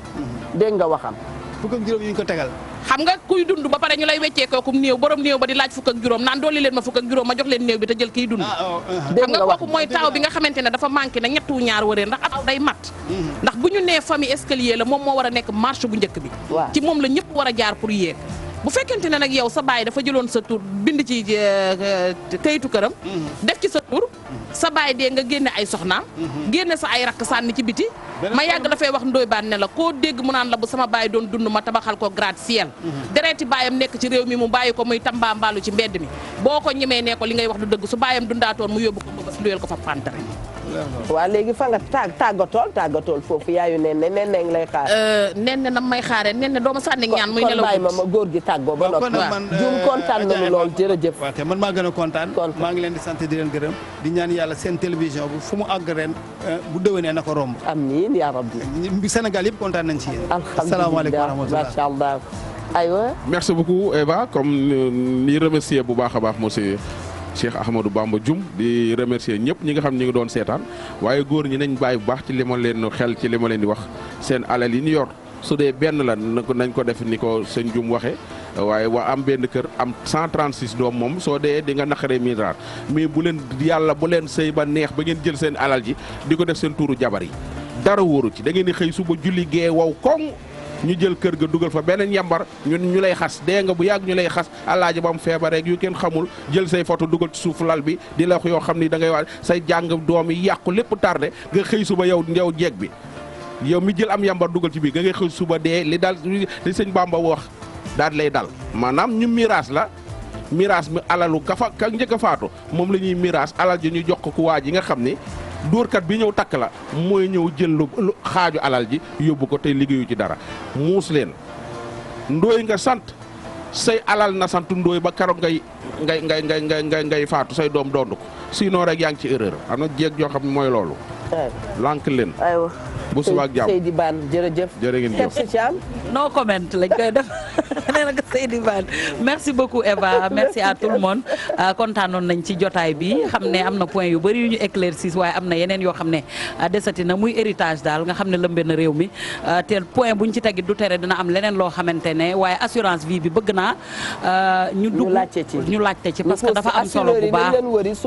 dégg nga waxam. fukk ak juróom yu ñu ko tegal. xam nga kuy dund ba pare ñu lay weccee kooku néew borom néew ba di laaj fukk juróom naan dolli leen ma fukk juróom ma jox leen néew bi te jël kiy dund. Ah, oh, uh-huh. xam nga kooku mooy taaw bi nga xamante ne dafa manqué na ñett wu ñaar wëree ndax aw day mat. Mm-hmm. ndax bu ñu nee famille escalier la moom moo war a nekk marche bu njëkk bi. ci moom la ñëpp war a jaar pour yéeg bu fekkente ne nag yow sa baay dafa jëloon sa tur bind ci euh, euh, kayitu këram. Mm-hmm. def ci sa tur. Mm-hmm. sa baay dee nga génne ay soxnaam. Mm-hmm. génne sa ay raq sànni ci biti. ma yàgg dafay wax ndoy baan ne la koo dégg mu naan la bu sama baay doon dund ma tabaxal ko grade ciel. dereeti baayam nekk ci réew mi mu bàyyi ko muy tambaambaalu ci mbedd mi boo ko ñemee ne ko li ngay wax du dëgg su baayam dundaatoon mu yóbbu ko ko fa pantare waaw léegi fa nga tàgg tàggatool tàggatool foofu yaayu nen ne nen ngi lay xaar euh, nen ne nam may xaare nen ne dooma sànni ñaan muy nelaw ma ma góor gi tàggoo ba noppi jum euh, kontaan nañu lool jërëjëf waaw man maa gën a kontaan maa ngi leen di sant di leen gërëm di ñaan yàlla seen télévision bi fu mu àgg ren euh, bu déwénee na ko romb amiin yaa rabbi Sénégal yëpp kontaan nañ ci yéen asalaamaaleykum wa rahmatulah macha allah aywa merci beaucoup Eva comme ni remercier bu baax a baax monsieur Cheikh Ahmadou Bamba Dioum di remercier ñëpp ñi nga xam ñu doon seetaan waaye góor ñi nañ bàyyi bu baax ci li ma leen xel ci li ma leen di wax seen alal yi ñu yor su dee benn la nañ ko def ni ko sëñ Dioum waxee. waaye waa am benn kër am 136 doom moom soo dee di nga naqaree milliard mais bu leen yàlla bu leen sëy ba neex ba ngeen jël seen alal ji di ko def seen tuuru jabar yi dara wóoru ci da xëy suba julli gee wow koŋ ñu jël kër ga dugal fa beneen yambar ñun ñu lay xas dee nga bu yàgg ñu lay xas alaaji ba mu feebar yu kenn xamul jël say photo dugal ci suuf lal bi di la wax yoo xam ni da ngay wax say jàng doom yàqu lépp tardé nga xëy suba yow yow jeeg bi yow mi jël am yambar dugal ci biir nga ngay xëy suba dee li daal li sëñ Bamba wax daal lay dal maanaam ñu miraas la miraas mi alalu ka fa ka faatu moom la ñuy miraas alal ji ñu jox ko ku waa yi nga xam ni kat bi ñëw takk la mooy ñëw jël lu xaaju alal ji yóbbu ko tey liggéeyu ci dara muus leen ndóoy nga sant say alal na santu ndóoy ba keroog ngay ngay ngay ngay ngay ngay ngay faatu say doom doondu ko sinon rek yaa ngi ci erreur am na jéeg yoo xam ne mooy loolu lànk leen bu suba ak jàmm Seydi Ban jërëjëf. no comment lañ koy def nee merci beaucoup Eva merci à tout le monde euh, kontaanoon nañ ci jotaay bi xam ne am na point yu bëri yu ñu éclaircis waaye am na yeneen yoo xam ne euh, desati na muy héritage daal nga xam ne la na réew mi euh, te point bu ñu ci tegit du tere dina am leneen loo xamante ne waaye assurance vie bi bëgg naa ñu dugg ñu laajte ci parce que dafa am solo bu baax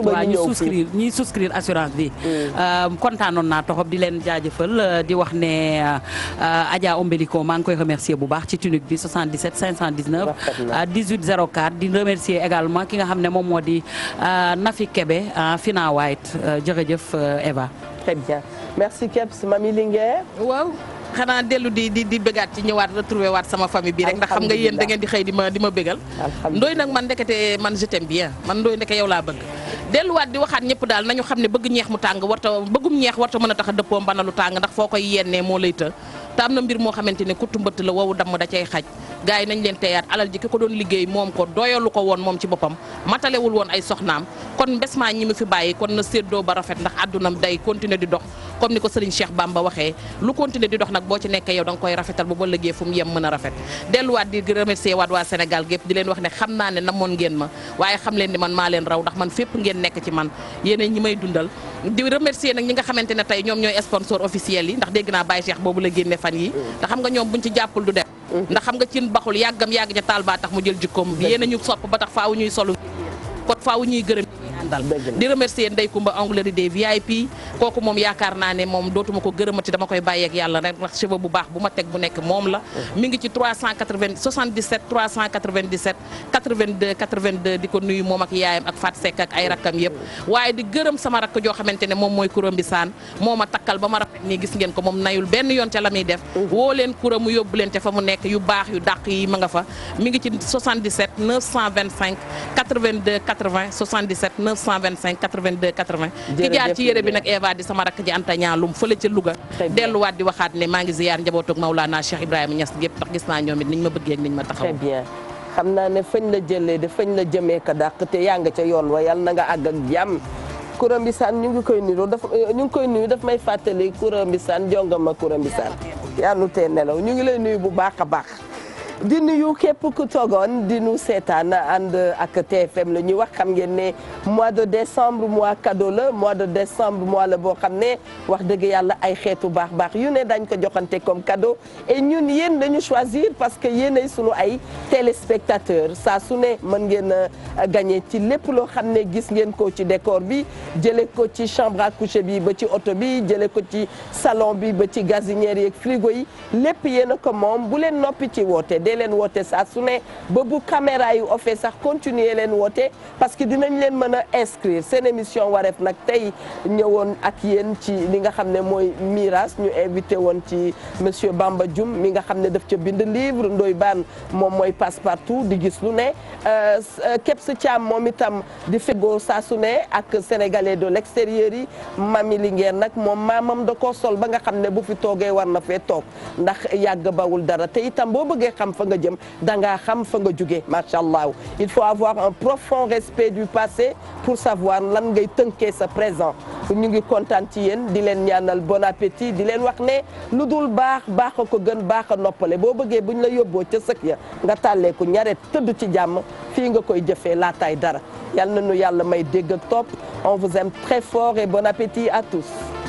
waaw ñu souscrire ñuy assurance bi mm. kontaanoon naa toxob di leen jaajëfal di wax ne euh, Adja Ombeliko maa ngi koy remercier bu baax ci tunique bi euh, di remercier également ki nga xam ne moom moo di euh, Nafi Kebe Fina White jërëjëf Eva. très bien merci Kebs Mami Linguère waaw. xanaa dellu di di di bégaat ci ñëwaat retrouvé waat sama famille bi rek ndax xam nga yéen dangeen di xëy di ma di ma bégal ndooy nag man ndekete man je bien man ndooy ndeke yow laa bëgg delluwaat di waxaat ñëpp daal nañu xam ne bëgg ñeex mu tàng warta bëggum ñeex warta mën a tax a dëppoo mbana lu tàng ndax foo koy yennee moo lay të taam na mbir moo xamante ne ku tumbët la wowu damm da cay xaj gars yi nañ leen teyaat alal ji ki ko doon liggéey moom ko doyalu ko woon moom ci boppam matalewul woon ay soxnaam kon mbesmaa ñi mu fi bàyyi kon na séddoo ba rafet ndax àddunam day continuer di dox comme ni ko Serigne Cheikh ba waxee lu continuer di dox nag boo ci nekkee yow da nga koy rafetal ba ba liggéey fu mu yem mën a rafet delluwaat di remercier waat waa Sénégal gépp di leen wax ne xam naa ne namoon ngeen ma waaye xam leen man maa leen raw ndax man fépp ngeen nekk ci man yéen ñi may dundal di remercier nag ñi nga xamante ne tey ñoom ñooy sponsor officiel yi ndax dégg naa Baye Cheikh boobu la génne fan yi mm. ndax xam nga ñoom buñ ci jàppul du dem mm. ndax xam nga cin baxul yàggam yàgg ca taal baa tax mu jël jikkoom yéen a ñu sopp ba tax faaw ñuy solu kon faaw ñuy gërëm àndal di remercier Ndey Kumba Anglerie des VIP kooku moom yaakaar naa ne moom dootuma ko gërëmati dama koy bàyyeeg yàlla rek ndax cheveux bu baax bu teg bu nekk moom la mi ngi ci di ko nuyu moom ak yaayam ak Fat Seck ak ay rakkam yëpp waaye di gërëm sama rakk joo xamante ne moom mooy Koura Mbisaan moo ma takkal ba ma rafet gis ngeen ko moom nayul benn yoon ca la muy def woo leen Koura mu yóbbu leen te fa mu nekk yu baax yu dàq yi ma nga fa mi ngi ci 77 925 925 82 80 ki jaar ci yére bi nag Eva di sama rakk ji Anta ñaalum fële ca Louga delluwaat di waxaat ne maa ngi ziyaar njabootug Maulana Cheikh Ibrahima Niass gépp ndax gis naa ñoom niñ ma bëggee niñ ma taxaw xam naa ne fañ la jëlee de fañ la jëmee ka dàq te yaa nga ca yoon wa yal na nga àgg ak jàmm Koura Mbissane ñu ngi koy niroo daf ñu ngi koy nuyu daf may fàttali Koura Mbissane jongama Koura Mbissane yaa nu tee nelaw ñu ngi lay nuyu bu baax a baax di nuyu képp ku toogoon di nu seetaan ànd ak TFM la ñuy wax xam ngeen ne mois de décembre mois cadeau la mois de décembre mois la boo xam ne wax dëgg yàlla ay xeetu baax baax yu ne dañ ko joxante comme cadeau et ñun yéen dañu choisir parce que yéenay sunu ay téléspectateurs saa su ne mën ngeen a ci lépp loo xam ne gis ngeen ko ci décor bi jële ko ci chambre à coucher bi ba ci oto bi jële ko ci salon bi ba ci gazinière yeeg frigo yi lépp yéen ko moom leen woote saa su ne ba bu caméra yu offee sax continuer leen woote parce que dinañ leen mën a inscrire seen émission wareef nag tey ñëwoon ak yéen ci li nga xam ne mooy mirage ñu invité woon ci monsieur Bamba Dioum mi nga xam ne daf ca bind livre ndooy baan moom mooy passe-partout di gis lu ne euh, Kebs Thiam moom itam di fegoo saa su ne ak sénégalais de l'extérieur yi mami Linguère nag moom maamam da koo sol ba nga xam ne bu fi toogee war na fee toog ndax yàgg bawul dara te itam fa nga jëm da ngaa xam fa nga jóge macha allah il faut avoir un profond respect du passé pour savoir lan ngay tënkee sa présent ñu ngi kontaan ci yéen di leen ñaanal bon appétit di leen wax ne lu dul baax baax ko gën baax a noppale boo bëggee buñ la yóbboo ca sëkk ya nga tàllee ko ñaret tëdd ci jàmm fii nga koy jëfee laataay dara yal na nu yàlla may dégg top on vous aime très fort et à tous